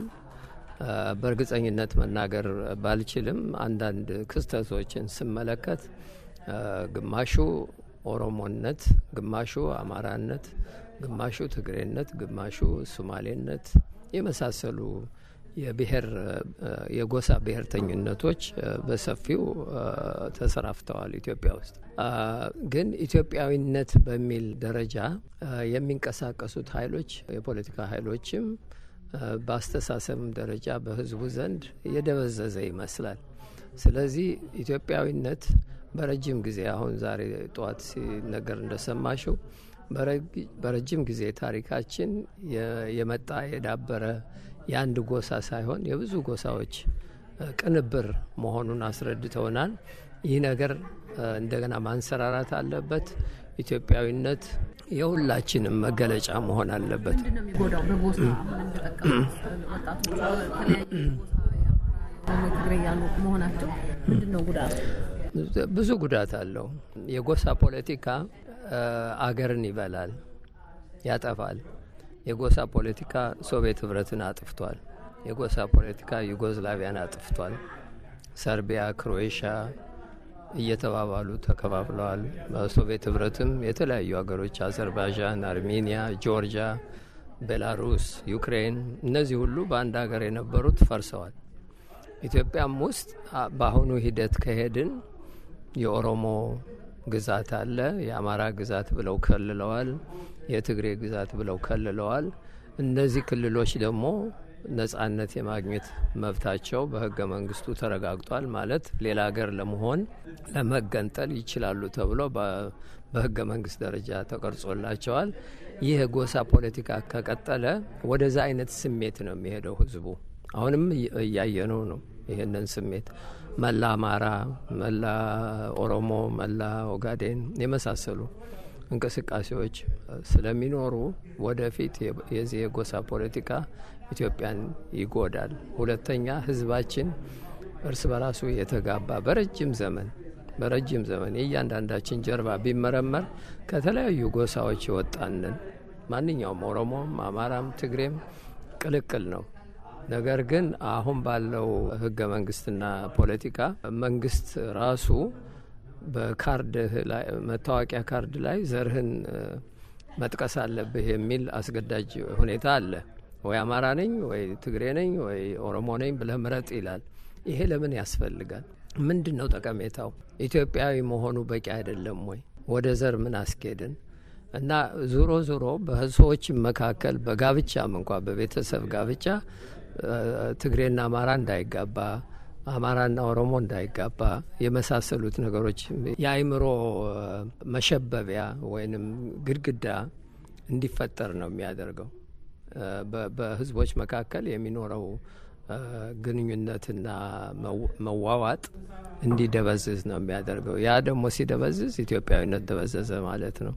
በእርግጠኝነት መናገር ባልችልም አንዳንድ ክስተቶችን ስመለከት ግማሹ ኦሮሞነት፣ ግማሹ አማራነት፣ ግማሹ ትግሬነት፣ ግማሹ ሶማሌነት የመሳሰሉ የብሔር የጎሳ ብሔርተኝነቶች በሰፊው ተሰራፍተዋል ኢትዮጵያ ውስጥ። ግን ኢትዮጵያዊነት በሚል ደረጃ የሚንቀሳቀሱት ኃይሎች የፖለቲካ ኃይሎችም በአስተሳሰብም ደረጃ በሕዝቡ ዘንድ የደበዘዘ ይመስላል። ስለዚህ ኢትዮጵያዊነት በረጅም ጊዜ አሁን ዛሬ ጠዋት ሲነገር እንደሰማሽው በረጅም ጊዜ ታሪካችን የመጣ የዳበረ የአንድ ጎሳ ሳይሆን የብዙ ጎሳዎች ቅንብር መሆኑን አስረድተውናል። ይህ ነገር እንደገና ማንሰራራት አለበት። ኢትዮጵያዊነት የሁላችንም መገለጫ መሆን አለበት። ብዙ ጉዳት አለው። የጎሳ ፖለቲካ አገርን ይበላል፣ ያጠፋል። የጎሳ ፖለቲካ ሶቪየት ህብረትን አጥፍቷል። የጎሳ ፖለቲካ ዩጎዝላቪያን አጥፍቷል። ሰርቢያ፣ ክሮኤሽያ እየተባባሉ ተከፋፍለዋል። በሶቪየት ህብረትም የተለያዩ ሀገሮች አዘርባይጃን፣ አርሜኒያ፣ ጆርጂያ፣ ቤላሩስ፣ ዩክሬን እነዚህ ሁሉ በአንድ ሀገር የነበሩት ፈርሰዋል። ኢትዮጵያም ውስጥ በአሁኑ ሂደት ከሄድን የኦሮሞ ግዛት አለ፣ የአማራ ግዛት ብለው ከልለዋል። የትግሬ ግዛት ብለው ከልለዋል። እነዚህ ክልሎች ደግሞ ነጻነት የማግኘት መብታቸው በህገ መንግስቱ ተረጋግጧል። ማለት ሌላ ሀገር ለመሆን ለመገንጠል ይችላሉ ተብሎ በህገ መንግስት ደረጃ ተቀርጾላቸዋል። ይህ የጎሳ ፖለቲካ ከቀጠለ ወደዛ አይነት ስሜት ነው የሚሄደው ህዝቡ። አሁንም እያየነው ነው ይህንን ስሜት መላ አማራ፣ መላ ኦሮሞ፣ መላ ኦጋዴን የመሳሰሉ እንቅስቃሴዎች ስለሚኖሩ ወደፊት የዚህ የጎሳ ፖለቲካ ኢትዮጵያን ይጎዳል። ሁለተኛ ህዝባችን እርስ በራሱ የተጋባ በረጅም ዘመን በረጅም ዘመን የእያንዳንዳችን ጀርባ ቢመረመር ከተለያዩ ጎሳዎች የወጣንን ማንኛውም ኦሮሞም፣ አማራም፣ ትግሬም ቅልቅል ነው። ነገር ግን አሁን ባለው ህገ መንግስትና ፖለቲካ መንግስት ራሱ በካርድ ላይ መታወቂያ ካርድ ላይ ዘርህን መጥቀስ አለብህ የሚል አስገዳጅ ሁኔታ አለ። ወይ አማራ ነኝ ወይ ትግሬ ነኝ ወይ ኦሮሞ ነኝ ብለህ ምረጥ ይላል። ይሄ ለምን ያስፈልጋል? ምንድን ነው ጠቀሜታው? ኢትዮጵያዊ መሆኑ በቂ አይደለም ወይ? ወደ ዘር ምን አስኬድን? እና ዞሮ ዞሮ በሰዎች መካከል በጋብቻም እንኳ በቤተሰብ ጋብቻ ትግሬና አማራ እንዳይጋባ አማራና ኦሮሞ እንዳይጋባ የመሳሰሉት ነገሮች የአይምሮ መሸበቢያ ወይንም ግድግዳ እንዲፈጠር ነው የሚያደርገው። በህዝቦች መካከል የሚኖረው ግንኙነትና መዋዋጥ እንዲደበዝዝ ነው የሚያደርገው። ያ ደግሞ ሲደበዝዝ ኢትዮጵያዊነት ደበዘዘ ማለት ነው።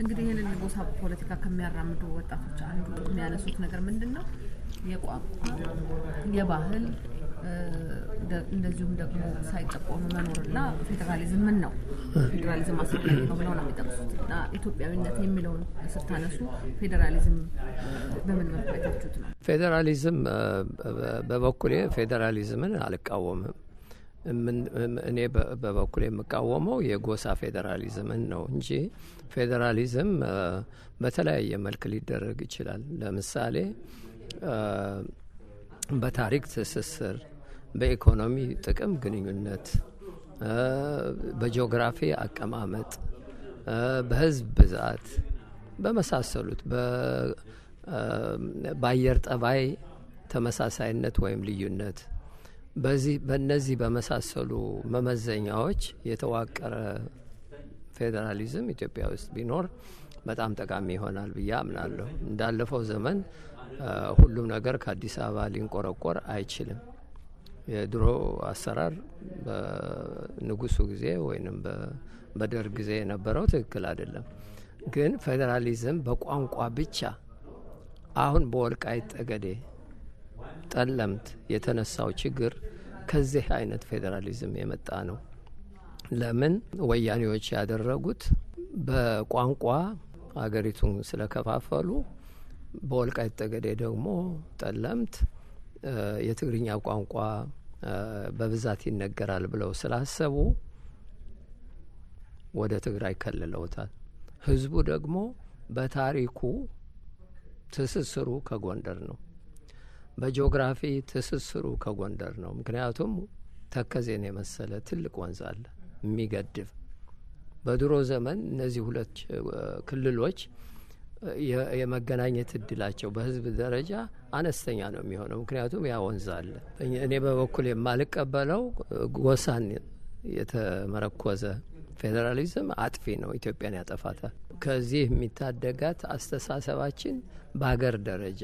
እንግዲህ ይህንን ጎሳ ፖለቲካ ከሚያራምዱ ወጣቶች አንዱ የሚያነሱት ነገር ምንድን ነው? የቋንቋ የባህል እንደዚሁም ደግሞ ሳይጠቆሙ መኖርና ፌዴራሊዝምን ነው ፌዴራሊዝም አስፈላጊ ነው ብለው ነው የሚጠቅሱት። እና ኢትዮጵያዊነት የሚለውን ስታነሱ ፌዴራሊዝም በምን መልኩ አይታችሁት ነው? ፌዴራሊዝም በበኩሌ ፌዴራሊዝምን አልቃወምም። እኔ በበኩል የምቃወመው የጎሳ ፌዴራሊዝምን ነው እንጂ ፌዴራሊዝም በተለያየ መልክ ሊደረግ ይችላል። ለምሳሌ በታሪክ ትስስር፣ በኢኮኖሚ ጥቅም ግንኙነት፣ በጂኦግራፊ አቀማመጥ፣ በህዝብ ብዛት በመሳሰሉት በአየር ጠባይ ተመሳሳይነት ወይም ልዩነት በዚህ በእነዚህ በመሳሰሉ መመዘኛዎች የተዋቀረ ፌዴራሊዝም ኢትዮጵያ ውስጥ ቢኖር በጣም ጠቃሚ ይሆናል ብዬ አምናለሁ። እንዳለፈው ዘመን ሁሉም ነገር ከአዲስ አበባ ሊንቆረቆር አይችልም። የድሮ አሰራር በንጉሱ ጊዜ ወይም በደርግ ጊዜ የነበረው ትክክል አይደለም። ግን ፌዴራሊዝም በቋንቋ ብቻ አሁን በወልቃይት ጠገዴ፣ ጠለምት የተነሳው ችግር ከዚህ አይነት ፌዴራሊዝም የመጣ ነው። ለምን ወያኔዎች ያደረጉት በቋንቋ አገሪቱን ስለከፋፈሉ በወልቃይት ጠገዴ ደግሞ ጠለምት የትግርኛ ቋንቋ በብዛት ይነገራል ብለው ስላሰቡ ወደ ትግራይ ከልለውታል። ህዝቡ ደግሞ በታሪኩ ትስስሩ ከጎንደር ነው። በጂኦግራፊ ትስስሩ ከጎንደር ነው። ምክንያቱም ተከዜን የመሰለ ትልቅ ወንዝ አለ የሚገድብ። በድሮ ዘመን እነዚህ ሁለት ክልሎች የመገናኘት እድላቸው በህዝብ ደረጃ አነስተኛ ነው የሚሆነው። ምክንያቱም ያ ወንዝ አለ። እኔ በበኩል የማልቀበለው ጎሳን የተመረኮዘ ፌዴራሊዝም አጥፊ ነው፣ ኢትዮጵያን ያጠፋታል። ከዚህ የሚታደጋት አስተሳሰባችን በሀገር ደረጃ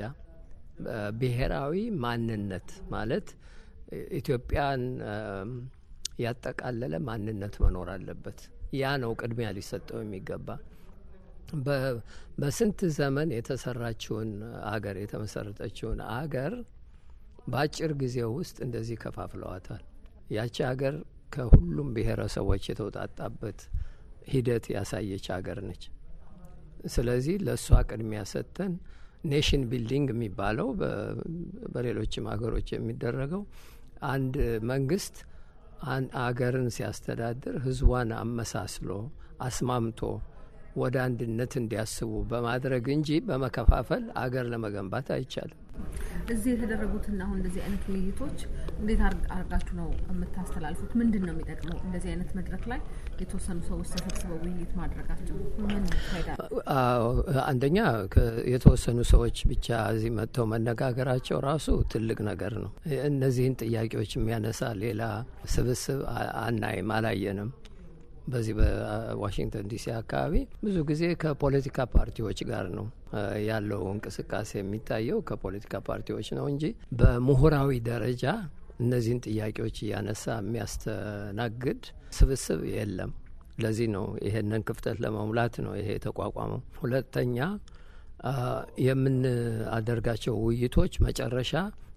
ብሔራዊ ማንነት ማለት ኢትዮጵያን ያጠቃለለ ማንነት መኖር አለበት። ያ ነው ቅድሚያ ሊሰጠው የሚገባ በስንት ዘመን የተሰራችውን አገር የተመሰረተችውን አገር በአጭር ጊዜ ውስጥ እንደዚህ ከፋፍለዋታል። ያቺ አገር ከሁሉም ብሔረሰቦች የተውጣጣበት ሂደት ያሳየች አገር ነች። ስለዚህ ለእሷ ቅድሚያ ሰጥተን ኔሽን ቢልዲንግ የሚባለው በሌሎችም ሀገሮች የሚደረገው አንድ መንግስት አገርን ሲያስተዳድር ህዝቧን አመሳስሎ አስማምቶ ወደ አንድነት እንዲያስቡ በማድረግ እንጂ በመከፋፈል አገር ለመገንባት አይቻልም። እዚህ የተደረጉትና አሁን እንደዚህ አይነት ውይይቶች እንዴት አድርጋችሁ ነው የምታስተላልፉት? ምንድን ነው የሚጠቅመው? እንደዚህ አይነት መድረክ ላይ የተወሰኑ ሰዎች ተሰብስበው ውይይት ማድረጋቸው ምን አንደኛ የተወሰኑ ሰዎች ብቻ እዚህ መጥተው መነጋገራቸው ራሱ ትልቅ ነገር ነው። እነዚህን ጥያቄዎች የሚያነሳ ሌላ ስብስብ አናይም፣ አላየንም። በዚህ በዋሽንግተን ዲሲ አካባቢ ብዙ ጊዜ ከፖለቲካ ፓርቲዎች ጋር ነው ያለው እንቅስቃሴ የሚታየው ከፖለቲካ ፓርቲዎች ነው እንጂ በምሁራዊ ደረጃ እነዚህን ጥያቄዎች እያነሳ የሚያስተናግድ ስብስብ የለም። ለዚህ ነው ይሄንን ክፍተት ለመሙላት ነው ይሄ የተቋቋመው። ሁለተኛ የምናደርጋቸው ውይይቶች መጨረሻ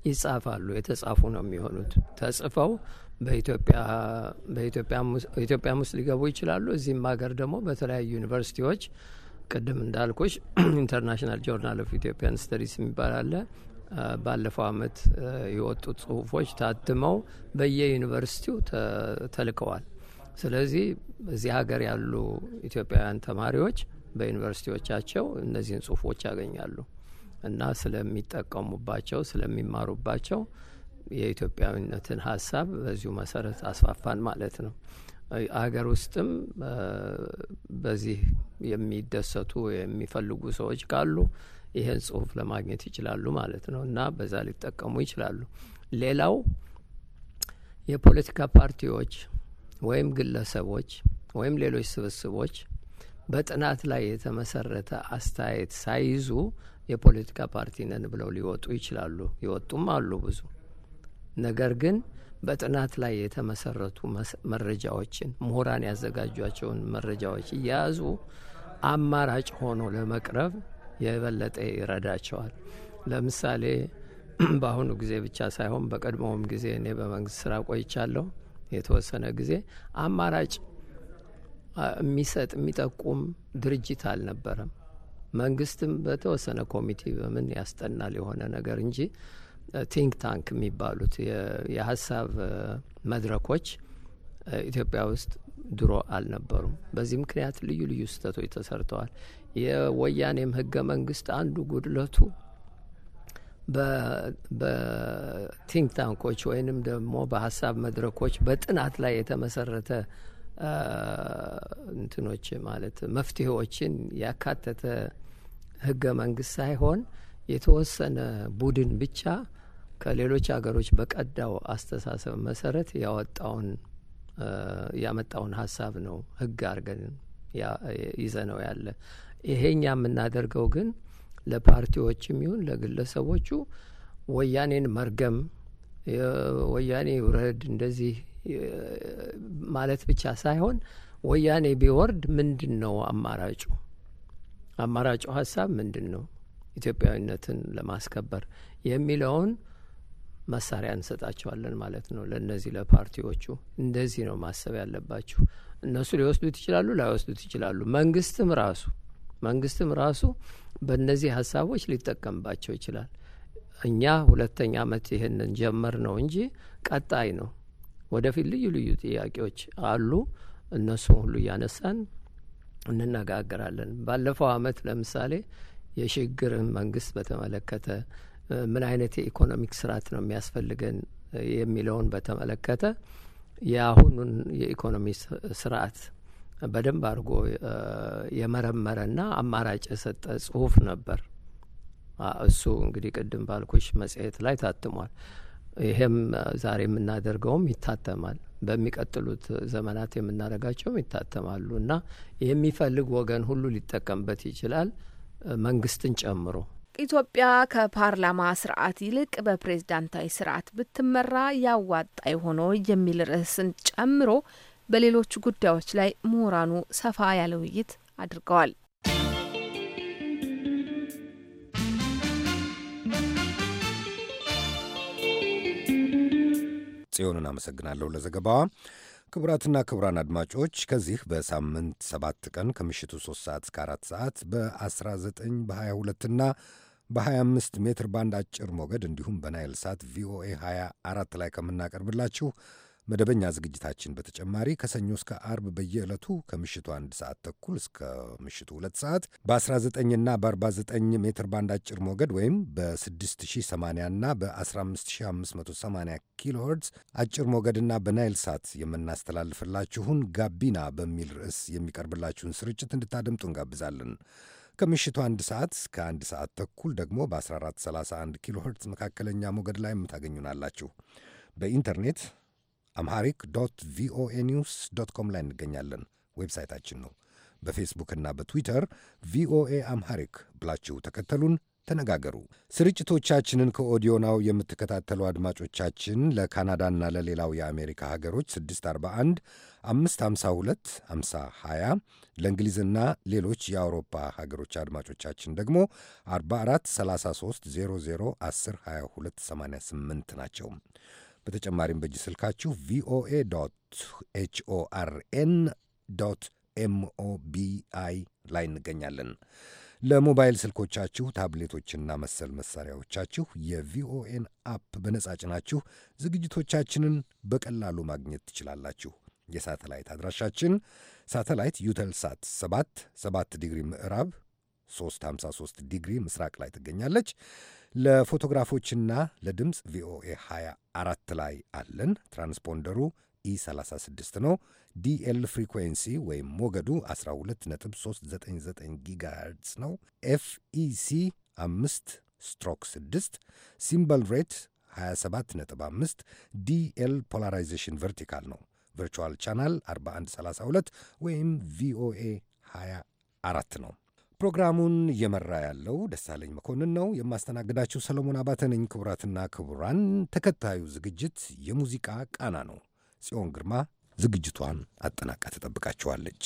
ይጻፋሉ፣ የተጻፉ ነው የሚሆኑት ተጽፈው በኢትዮጵያም ውስጥ ሊገቡ ይችላሉ። እዚህም ሀገር ደግሞ በተለያዩ ዩኒቨርሲቲዎች ቅድም እንዳልኩሽ ኢንተርናሽናል ጆርናል ኦፍ ኢትዮጵያን ስተዲስ የሚባል አለ። ባለፈው አመት የወጡት ጽሁፎች ታትመው በየዩኒቨርሲቲው ተልከዋል። ስለዚህ እዚህ ሀገር ያሉ ኢትዮጵያውያን ተማሪዎች በዩኒቨርሲቲዎቻቸው እነዚህን ጽሁፎች ያገኛሉ እና ስለሚጠቀሙባቸው ስለሚማሩባቸው የኢትዮጵያዊነትን ሀሳብ በዚሁ መሰረት አስፋፋን ማለት ነው። አገር ውስጥም በዚህ የሚደሰቱ የሚፈልጉ ሰዎች ካሉ ይህን ጽሁፍ ለማግኘት ይችላሉ ማለት ነው እና በዛ ሊጠቀሙ ይችላሉ። ሌላው የፖለቲካ ፓርቲዎች ወይም ግለሰቦች ወይም ሌሎች ስብስቦች በጥናት ላይ የተመሰረተ አስተያየት ሳይዙ የፖለቲካ ፓርቲ ነን ብለው ሊወጡ ይችላሉ። ይወጡም አሉ ብዙ ነገር ግን በጥናት ላይ የተመሰረቱ መረጃዎችን ምሁራን ያዘጋጇቸውን መረጃዎች እየያዙ አማራጭ ሆኖ ለመቅረብ የበለጠ ይረዳቸዋል። ለምሳሌ በአሁኑ ጊዜ ብቻ ሳይሆን በቀድሞውም ጊዜ እኔ በመንግስት ስራ ቆይቻለሁ የተወሰነ ጊዜ አማራጭ የሚሰጥ የሚጠቁም ድርጅት አልነበረም። መንግስትም በተወሰነ ኮሚቴ በምን ያስጠናል የሆነ ነገር እንጂ ቲንክ ታንክ የሚባሉት የሀሳብ መድረኮች ኢትዮጵያ ውስጥ ድሮ አልነበሩም። በዚህ ምክንያት ልዩ ልዩ ስህተቶች ተሰርተዋል። የወያኔም ህገ መንግስት አንዱ ጉድለቱ በቲንክ ታንኮች ወይንም ደግሞ በሀሳብ መድረኮች በጥናት ላይ የተመሰረተ እንትኖች ማለት መፍትሄዎችን ያካተተ ህገ መንግስት ሳይሆን የተወሰነ ቡድን ብቻ ከሌሎች ሀገሮች በቀዳው አስተሳሰብ መሰረት ያወጣውን ያመጣውን ሀሳብ ነው ህግ አድርገን ይዘ ነው ያለ። ይሄኛ የምናደርገው ግን ለፓርቲዎችም ይሁን ለግለሰቦቹ ወያኔን መርገም ወያኔ ውረድ እንደዚህ ማለት ብቻ ሳይሆን ወያኔ ቢወርድ ምንድን ነው አማራጩ? አማራጩ ሀሳብ ምንድን ነው? ኢትዮጵያዊነትን ለማስከበር የሚለውን መሳሪያ እንሰጣቸዋለን ማለት ነው። ለእነዚህ ለፓርቲዎቹ እንደዚህ ነው ማሰብ ያለባችሁ። እነሱ ሊወስዱት ይችላሉ፣ ላይወስዱት ይችላሉ። መንግስትም ራሱ መንግስትም ራሱ በእነዚህ ሀሳቦች ሊጠቀምባቸው ይችላል። እኛ ሁለተኛ አመት ይህንን ጀመር ነው እንጂ ቀጣይ ነው። ወደፊት ልዩ ልዩ ጥያቄዎች አሉ። እነሱ ሁሉ እያነሳን እንነጋገራለን። ባለፈው አመት ለምሳሌ የሽግግርን መንግስት በተመለከተ ምን አይነት የኢኮኖሚክ ስርዓት ነው የሚያስፈልገን የሚለውን በተመለከተ የአሁኑን የኢኮኖሚ ስርዓት በደንብ አድርጎ የመረመረና አማራጭ የሰጠ ጽሁፍ ነበር። እሱ እንግዲህ ቅድም ባልኩሽ መጽሔት ላይ ታትሟል። ይሄም ዛሬ የምናደርገውም ይታተማል። በሚቀጥሉት ዘመናት የምናደርጋቸውም ይታተማሉ እና የሚፈልግ ወገን ሁሉ ሊጠቀምበት ይችላል። መንግስትን ጨምሮ ኢትዮጵያ ከፓርላማ ስርዓት ይልቅ በፕሬዝዳንታዊ ስርዓት ብትመራ ያዋጣ የሆነ የሚል ርዕስን ጨምሮ በሌሎች ጉዳዮች ላይ ምሁራኑ ሰፋ ያለ ውይይት አድርገዋል። ጽዮንን አመሰግናለሁ ለዘገባዋ። ክቡራትና ክቡራን አድማጮች ከዚህ በሳምንት ሰባት ቀን ከምሽቱ 3 ሰዓት እስከ 4 ሰዓት በ19 በ22 ና በ25 ሜትር ባንድ አጭር ሞገድ እንዲሁም በናይል ሳት ቪኦኤ 24 ላይ ከምናቀርብላችሁ መደበኛ ዝግጅታችን በተጨማሪ ከሰኞ እስከ አርብ በየዕለቱ ከምሽቱ አንድ ሰዓት ተኩል እስከ ምሽቱ ሁለት ሰዓት በ19ና በ49 ሜትር ባንድ አጭር ሞገድ ወይም በ6080 እና በ15580 ኪሎ ሄርዝ አጭር ሞገድና በናይል ሳት የምናስተላልፍላችሁን ጋቢና በሚል ርዕስ የሚቀርብላችሁን ስርጭት እንድታደምጡ እንጋብዛለን። ከምሽቱ አንድ ሰዓት እስከ አንድ ሰዓት ተኩል ደግሞ በ1431 ኪሎ ሄርዝ መካከለኛ ሞገድ ላይ የምታገኙናላችሁ በኢንተርኔት አምሐሪክ ዶት ቪኦኤ ኒውስ ዶት ኮም ላይ እንገኛለን። ዌብሳይታችን ነው። በፌስቡክና በትዊተር ቪኦኤ አምሐሪክ ብላችሁ ተከተሉን፣ ተነጋገሩ። ስርጭቶቻችንን ከኦዲዮ ናው የምትከታተሉ አድማጮቻችን ለካናዳና ለሌላው የአሜሪካ ሀገሮች 641 552 520 ለእንግሊዝና ሌሎች የአውሮፓ ሀገሮች አድማጮቻችን ደግሞ 44 33 00 10 22 88 ናቸው። በተጨማሪም በእጅ ስልካችሁ ቪኦኤ ኤችኦአርኤን ኤምኦቢአይ ላይ እንገኛለን። ለሞባይል ስልኮቻችሁ ታብሌቶችና መሰል መሳሪያዎቻችሁ የቪኦኤን አፕ በነጻ ጭናችሁ ዝግጅቶቻችንን በቀላሉ ማግኘት ትችላላችሁ። የሳተላይት አድራሻችን ሳተላይት ዩተልሳት 7 7 ዲግሪ ምዕራብ 353 ዲግሪ ምስራቅ ላይ ትገኛለች። ለፎቶግራፎችና ለድምፅ ቪኦኤ 24 ላይ አለን። ትራንስፖንደሩ ኢ36 e ነው። ዲኤል ፍሪኩዌንሲ ወይም ሞገዱ 12399 ጊጋሄርትስ ነው። ኤፍኢሲ 5 e ስትሮክ 6 ሲምበል ሬት 275 ዲኤል ፖላራይዜሽን ቨርቲካል ነው። ቨርቹዋል ቻናል 4132 ወይም ቪኦኤ 24 ነው። ፕሮግራሙን እየመራ ያለው ደሳለኝ መኮንን ነው። የማስተናግዳችሁ ሰለሞን አባተ ነኝ። ክቡራትና ክቡራን፣ ተከታዩ ዝግጅት የሙዚቃ ቃና ነው። ጽዮን ግርማ ዝግጅቷን አጠናቃ ተጠብቃችኋለች።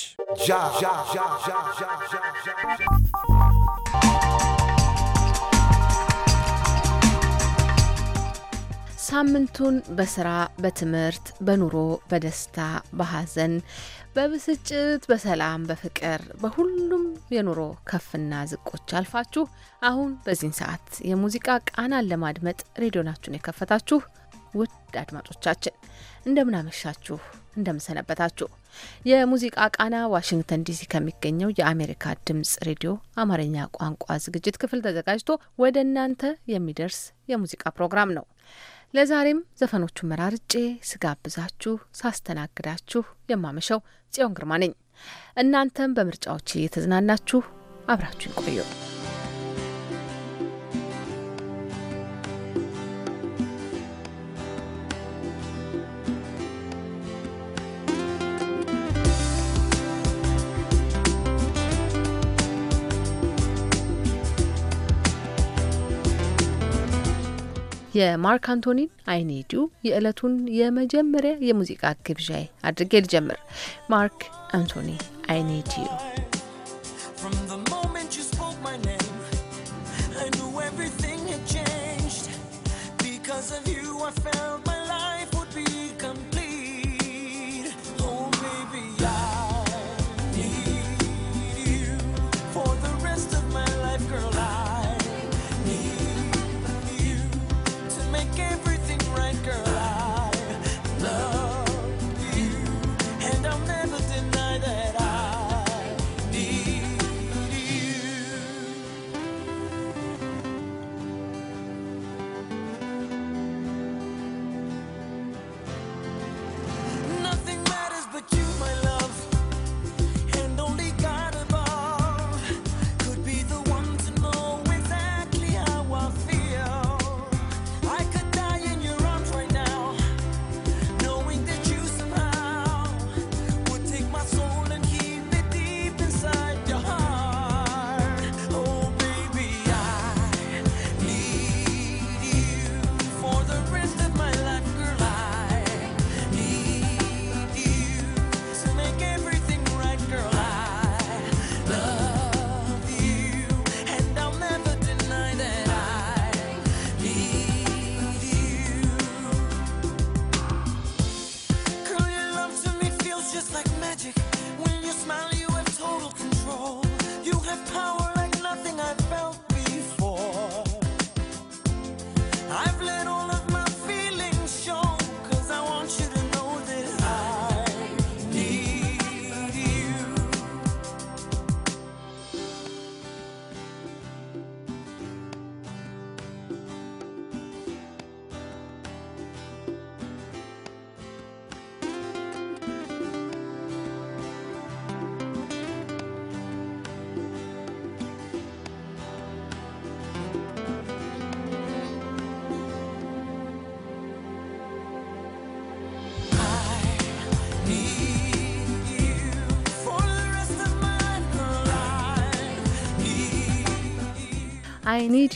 ሳምንቱን በስራ፣ በትምህርት፣ በኑሮ፣ በደስታ፣ በሐዘን፣ በብስጭት፣ በሰላም፣ በፍቅር፣ በሁሉም የኑሮ ከፍና ዝቆች አልፋችሁ አሁን በዚህን ሰዓት የሙዚቃ ቃናን ለማድመጥ ሬዲዮናችሁን የከፈታችሁ ውድ አድማጮቻችን እንደምናመሻችሁ፣ እንደምንሰነበታችሁ። የሙዚቃ ቃና ዋሽንግተን ዲሲ ከሚገኘው የአሜሪካ ድምጽ ሬዲዮ አማርኛ ቋንቋ ዝግጅት ክፍል ተዘጋጅቶ ወደ እናንተ የሚደርስ የሙዚቃ ፕሮግራም ነው። ለዛሬም ዘፈኖቹን መራርጬ ስጋብዛችሁ ሳስተናግዳችሁ የማመሸው ጽዮን ግርማ ነኝ። እናንተም በምርጫዎች እየተዝናናችሁ አብራችሁን ቆዩ። የማርክ አንቶኒን አይኔዱ የዕለቱን የመጀመሪያ የሙዚቃ ግብዣይ አድርጌ ልጀምር። ማርክ አንቶኒ አይኔዲዩ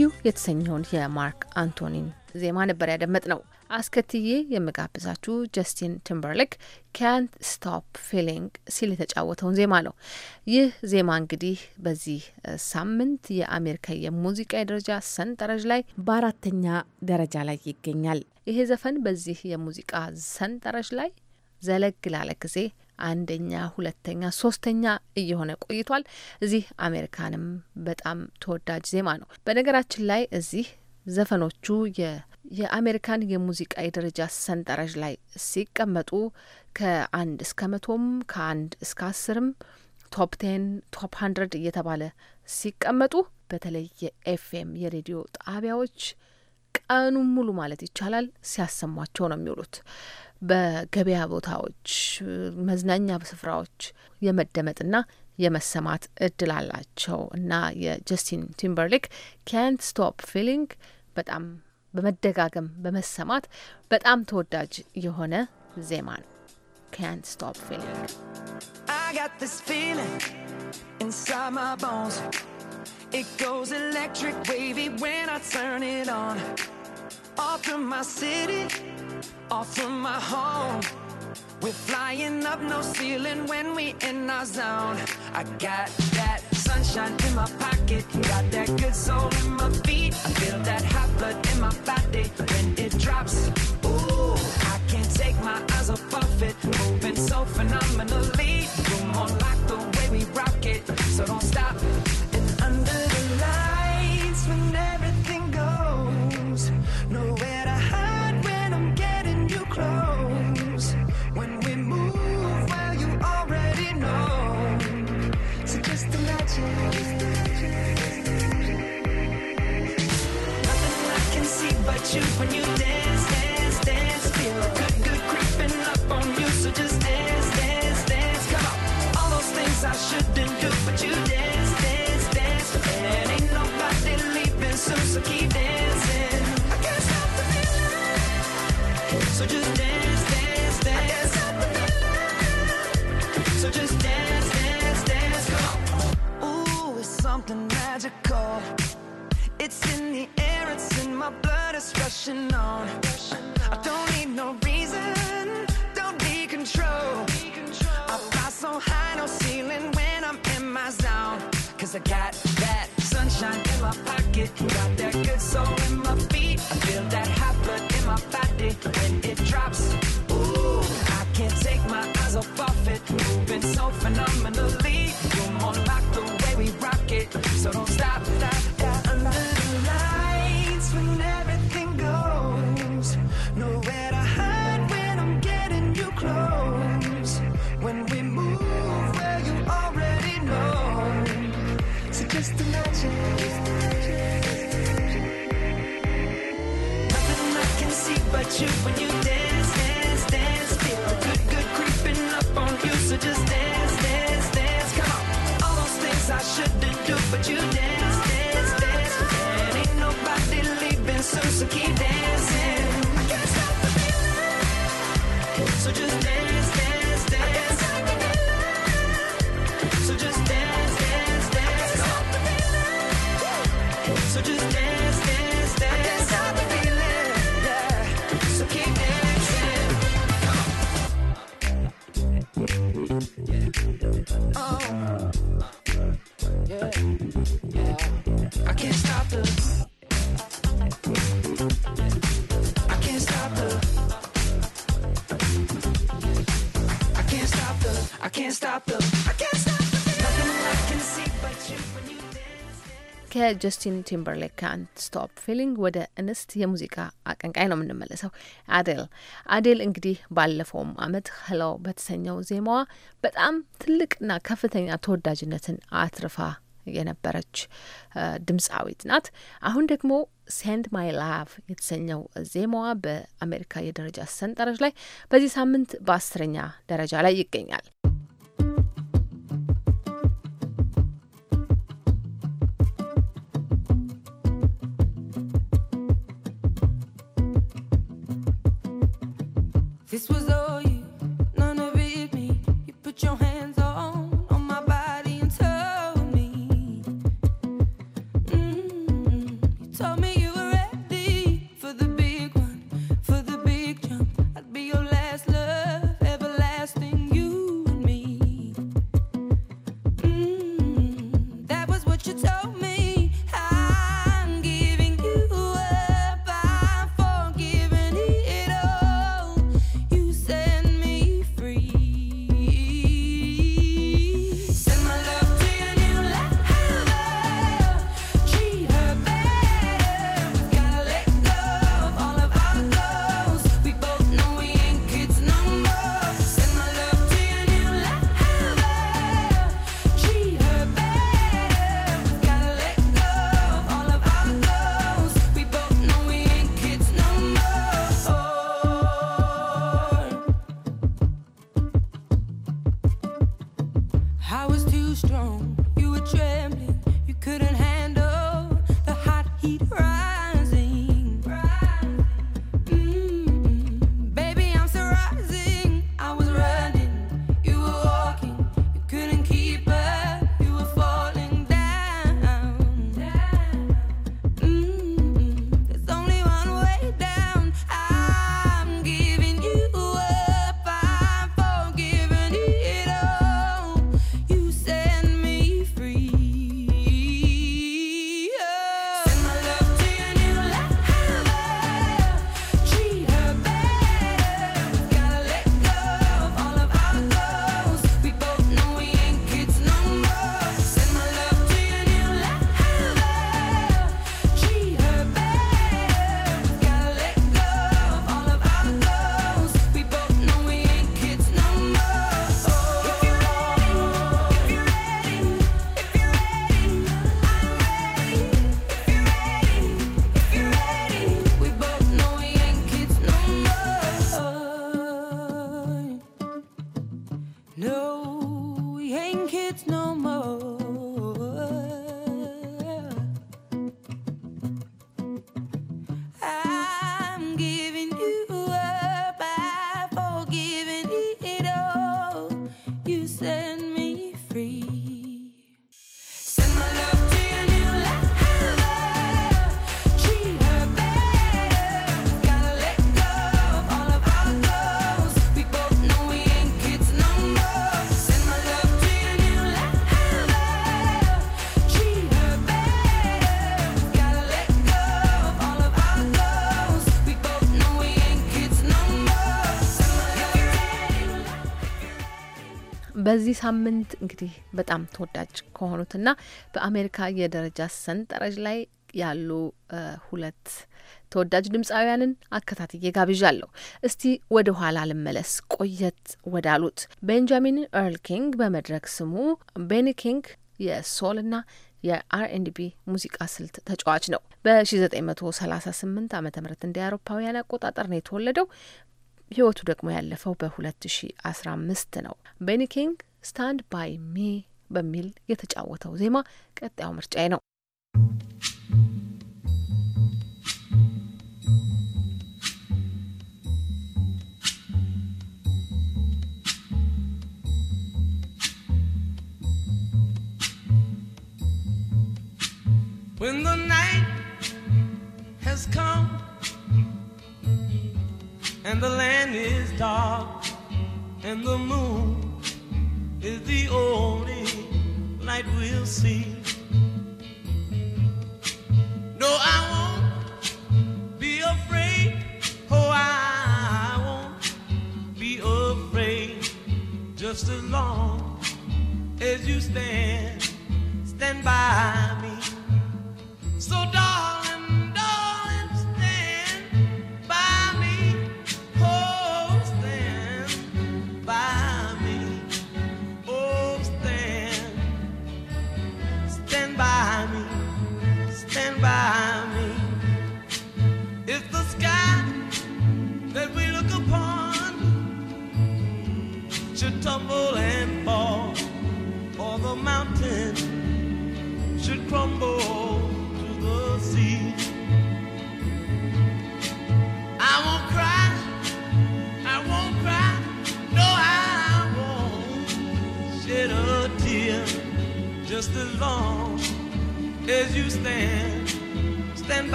ዩ የተሰኘውን የማርክ አንቶኒን ዜማ ነበር ያደመጥ ነው። አስከትዬ የምጋብዛችሁ ጀስቲን ቲምበርሌክ ካንት ስቶፕ ፊሊንግ ሲል የተጫወተውን ዜማ ነው። ይህ ዜማ እንግዲህ በዚህ ሳምንት የአሜሪካ የሙዚቃ የደረጃ ሰንጠረዥ ላይ በአራተኛ ደረጃ ላይ ይገኛል። ይሄ ዘፈን በዚህ የሙዚቃ ሰንጠረዥ ላይ ዘለግ ላለ ጊዜ አንደኛ፣ ሁለተኛ፣ ሶስተኛ እየሆነ ቆይቷል። እዚህ አሜሪካንም በጣም ተወዳጅ ዜማ ነው። በነገራችን ላይ እዚህ ዘፈኖቹ የአሜሪካን የሙዚቃ የደረጃ ሰንጠረዥ ላይ ሲቀመጡ ከአንድ እስከ መቶም ከአንድ እስከ አስርም ቶፕ ቴን ቶፕ ሀንድረድ እየተባለ ሲቀመጡ በተለይ የኤፍኤም የሬዲዮ ጣቢያዎች ቀኑን ሙሉ ማለት ይቻላል ሲያሰሟቸው ነው የሚውሉት። በገበያ ቦታዎች፣ መዝናኛ ስፍራዎች የመደመጥና የመሰማት እድል አላቸው እና የጀስቲን ቲምበርሌክ ካንት ስቶፕ ፊሊንግ በጣም በመደጋገም በመሰማት በጣም ተወዳጅ የሆነ ዜማ ነው። Can't stop feeling. I got this feeling inside my bones. It goes electric, wavy when I turn it on. Off from my city, off from my home We're flying up, no ceiling when we in our zone I got that sunshine in my pocket Got that good soul in my feet I feel that hot blood in my body when it drops Ooh, I can't take my eyes off of it Moving so phenomenally you more like the way we rock it So don't stop ከጀስቲን ቲምበርሌክ ከአንድ ስቶፕ ፊሊንግ ወደ እንስት የሙዚቃ አቀንቃይ ነው የምንመለሰው። አዴል አዴል እንግዲህ ባለፈውም አመት ሄሎ በተሰኘው ዜማዋ በጣም ትልቅና ከፍተኛ ተወዳጅነትን አትርፋ የነበረች ድምፃዊት ናት። አሁን ደግሞ ሴንድ ማይ ላቭ የተሰኘው ዜማዋ በአሜሪካ የደረጃ ሰንጠረዥ ላይ በዚህ ሳምንት በአስረኛ ደረጃ ላይ ይገኛል። በዚህ ሳምንት እንግዲህ በጣም ተወዳጅ ከሆኑትና በአሜሪካ የደረጃ ሰንጠረዥ ላይ ያሉ ሁለት ተወዳጅ ድምፃውያንን አከታትዬ ጋብዣለሁ። እስቲ ወደ ኋላ ልመለስ፣ ቆየት ወዳሉት ቤንጃሚን ኤርል ኪንግ በመድረክ ስሙ ቤኒ ኪንግ የሶልና የአርኤንዲቢ ሙዚቃ ስልት ተጫዋች ነው። በ1938 ዓ ም እንደ አውሮፓውያን አቆጣጠር ነው የተወለደው። ህይወቱ ደግሞ ያለፈው በ2015 ነው። ቤኒ ኪንግ ስታንድ ባይ ሚ በሚል የተጫወተው ዜማ ቀጣዩ ምርጫዬ ነው። When the night has come and the land is dark, and the moon is the only light we'll see. No, I won't be afraid. Oh, I won't be afraid. Just as long as you stand, stand by me. So, darling.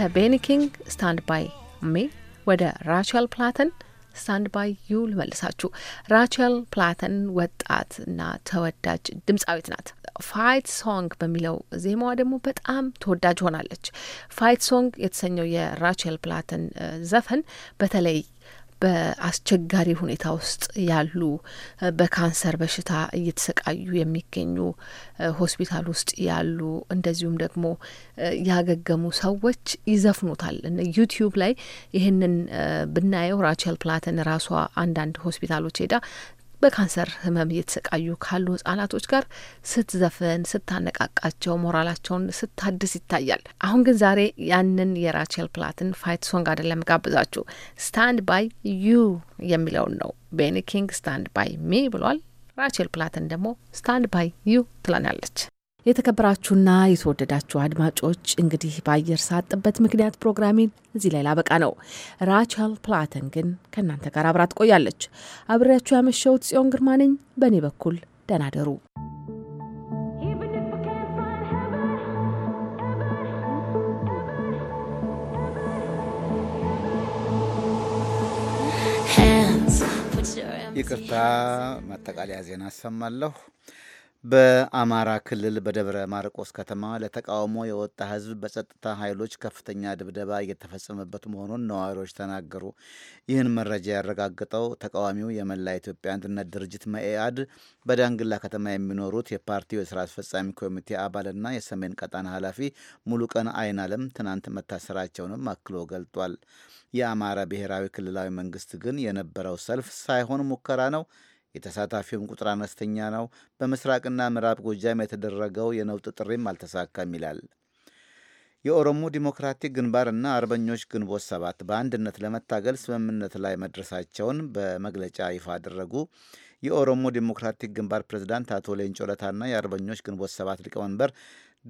ከቤኒኪንግ ስታንድ ባይ ሜ ወደ ራቸል ፕላተን ስታንድ ባይ ዩ ልመልሳችሁ። ራቸል ፕላተን ወጣትና ተወዳጅ ድምፃዊት ናት። ፋይት ሶንግ በሚለው ዜማዋ ደግሞ በጣም ተወዳጅ ሆናለች። ፋይት ሶንግ የተሰኘው የራቸል ፕላተን ዘፈን በተለይ በአስቸጋሪ ሁኔታ ውስጥ ያሉ በካንሰር በሽታ እየተሰቃዩ የሚገኙ ሆስፒታል ውስጥ ያሉ እንደዚሁም ደግሞ ያገገሙ ሰዎች ይዘፍኑታል። ዩቲዩብ ላይ ይህንን ብናየው ራቸል ፕላተን ራሷ አንዳንድ ሆስፒታሎች ሄዳ በካንሰር ህመም እየተሰቃዩ ካሉ ህጻናቶች ጋር ስትዘፍን፣ ስታነቃቃቸው፣ ሞራላቸውን ስታድስ ይታያል። አሁን ግን ዛሬ ያንን የራቸል ፕላትን ፋይት ሶንግ አይደለም ጋብዛችሁ ስታንድ ባይ ዩ የሚለውን ነው። ቤኒ ኪንግ ስታንድ ባይ ሚ ብሏል። ራቸል ፕላትን ደግሞ ስታንድ ባይ ዩ ትለናለች። የተከበራችሁና የተወደዳችሁ አድማጮች እንግዲህ በአየር ሳጥበት ምክንያት ፕሮግራሜን እዚህ ላይ ላበቃ ነው። ራቸል ፕላተን ግን ከእናንተ ጋር አብራ ትቆያለች። አብሬያችሁ ያመሸሁት ጽዮን ግርማ ነኝ። በእኔ በኩል ደህና ደሩ። ይቅርታ ማጠቃለያ ዜና አሰማለሁ። በአማራ ክልል በደብረ ማርቆስ ከተማ ለተቃውሞ የወጣ ሕዝብ በጸጥታ ኃይሎች ከፍተኛ ድብደባ እየተፈጸመበት መሆኑን ነዋሪዎች ተናገሩ። ይህን መረጃ ያረጋግጠው ተቃዋሚው የመላ ኢትዮጵያ አንድነት ድርጅት መኢአድ በዳንግላ ከተማ የሚኖሩት የፓርቲው የስራ አስፈጻሚ ኮሚቴ አባልና የሰሜን ቀጣና ኃላፊ ሙሉቀን አይናለም ትናንት መታሰራቸውንም አክሎ ገልጧል። የአማራ ብሔራዊ ክልላዊ መንግስት ግን የነበረው ሰልፍ ሳይሆን ሙከራ ነው የተሳታፊውም ቁጥር አነስተኛ ነው። በምስራቅና ምዕራብ ጎጃም የተደረገው የነውጥ ጥሪም አልተሳካም ይላል። የኦሮሞ ዲሞክራቲክ ግንባርና አርበኞች ግንቦት ሰባት በአንድነት ለመታገል ስምምነት ላይ መድረሳቸውን በመግለጫ ይፋ አደረጉ። የኦሮሞ ዲሞክራቲክ ግንባር ፕሬዝዳንት አቶ ሌንጮ ለታና የአርበኞች ግንቦት ሰባት ሊቀመንበር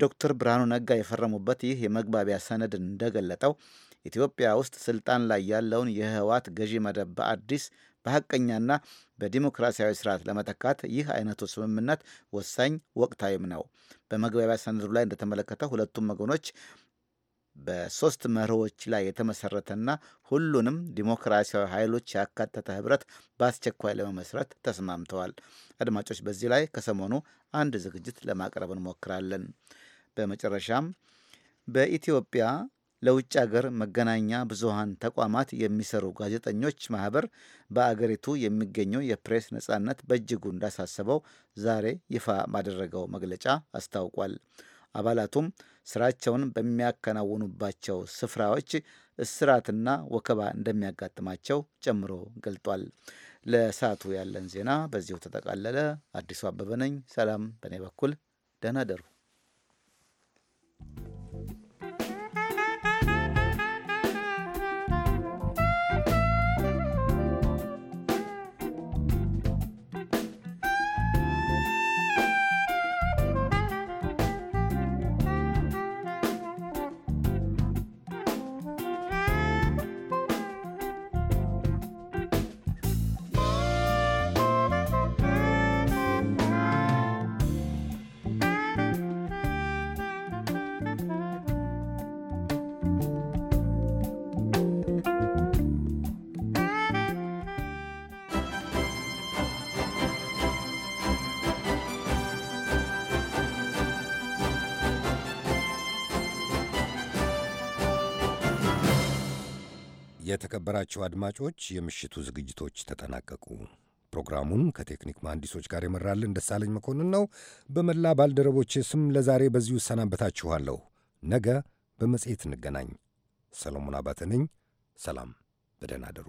ዶክተር ብርሃኑ ነጋ የፈረሙበት ይህ የመግባቢያ ሰነድ እንደገለጠው ኢትዮጵያ ውስጥ ስልጣን ላይ ያለውን የህወሓት ገዢ መደብ በአዲስ በሐቀኛና በዲሞክራሲያዊ ስርዓት ለመተካት ይህ አይነቱ ስምምነት ወሳኝ ወቅታዊም ነው። በመግባቢያ ሰነዱ ላይ እንደተመለከተ ሁለቱም ወገኖች በሶስት መርሆዎች ላይ የተመሰረተና ሁሉንም ዲሞክራሲያዊ ኃይሎች ያካተተ ህብረት በአስቸኳይ ለመመስረት ተስማምተዋል። አድማጮች፣ በዚህ ላይ ከሰሞኑ አንድ ዝግጅት ለማቅረብ እንሞክራለን። በመጨረሻም በኢትዮጵያ ለውጭ አገር መገናኛ ብዙሃን ተቋማት የሚሰሩ ጋዜጠኞች ማህበር በአገሪቱ የሚገኘው የፕሬስ ነጻነት በእጅጉ እንዳሳሰበው ዛሬ ይፋ ባደረገው መግለጫ አስታውቋል። አባላቱም ስራቸውን በሚያከናውኑባቸው ስፍራዎች እስራትና ወከባ እንደሚያጋጥማቸው ጨምሮ ገልጧል። ለሰዓቱ ያለን ዜና በዚሁ ተጠቃለለ። አዲሱ አበበ ነኝ። ሰላም፣ በእኔ በኩል ደህና ደሩ። የተከበራችሁ አድማጮች የምሽቱ ዝግጅቶች ተጠናቀቁ። ፕሮግራሙን ከቴክኒክ መሐንዲሶች ጋር የመራልን ደሳለኝ መኮንን ነው። በመላ ባልደረቦቼ ስም ለዛሬ በዚሁ እሰናበታችኋለሁ። ነገ በመጽሔት እንገናኝ። ሰሎሞን አባተ ነኝ። ሰላም፣ በደህና አደሩ።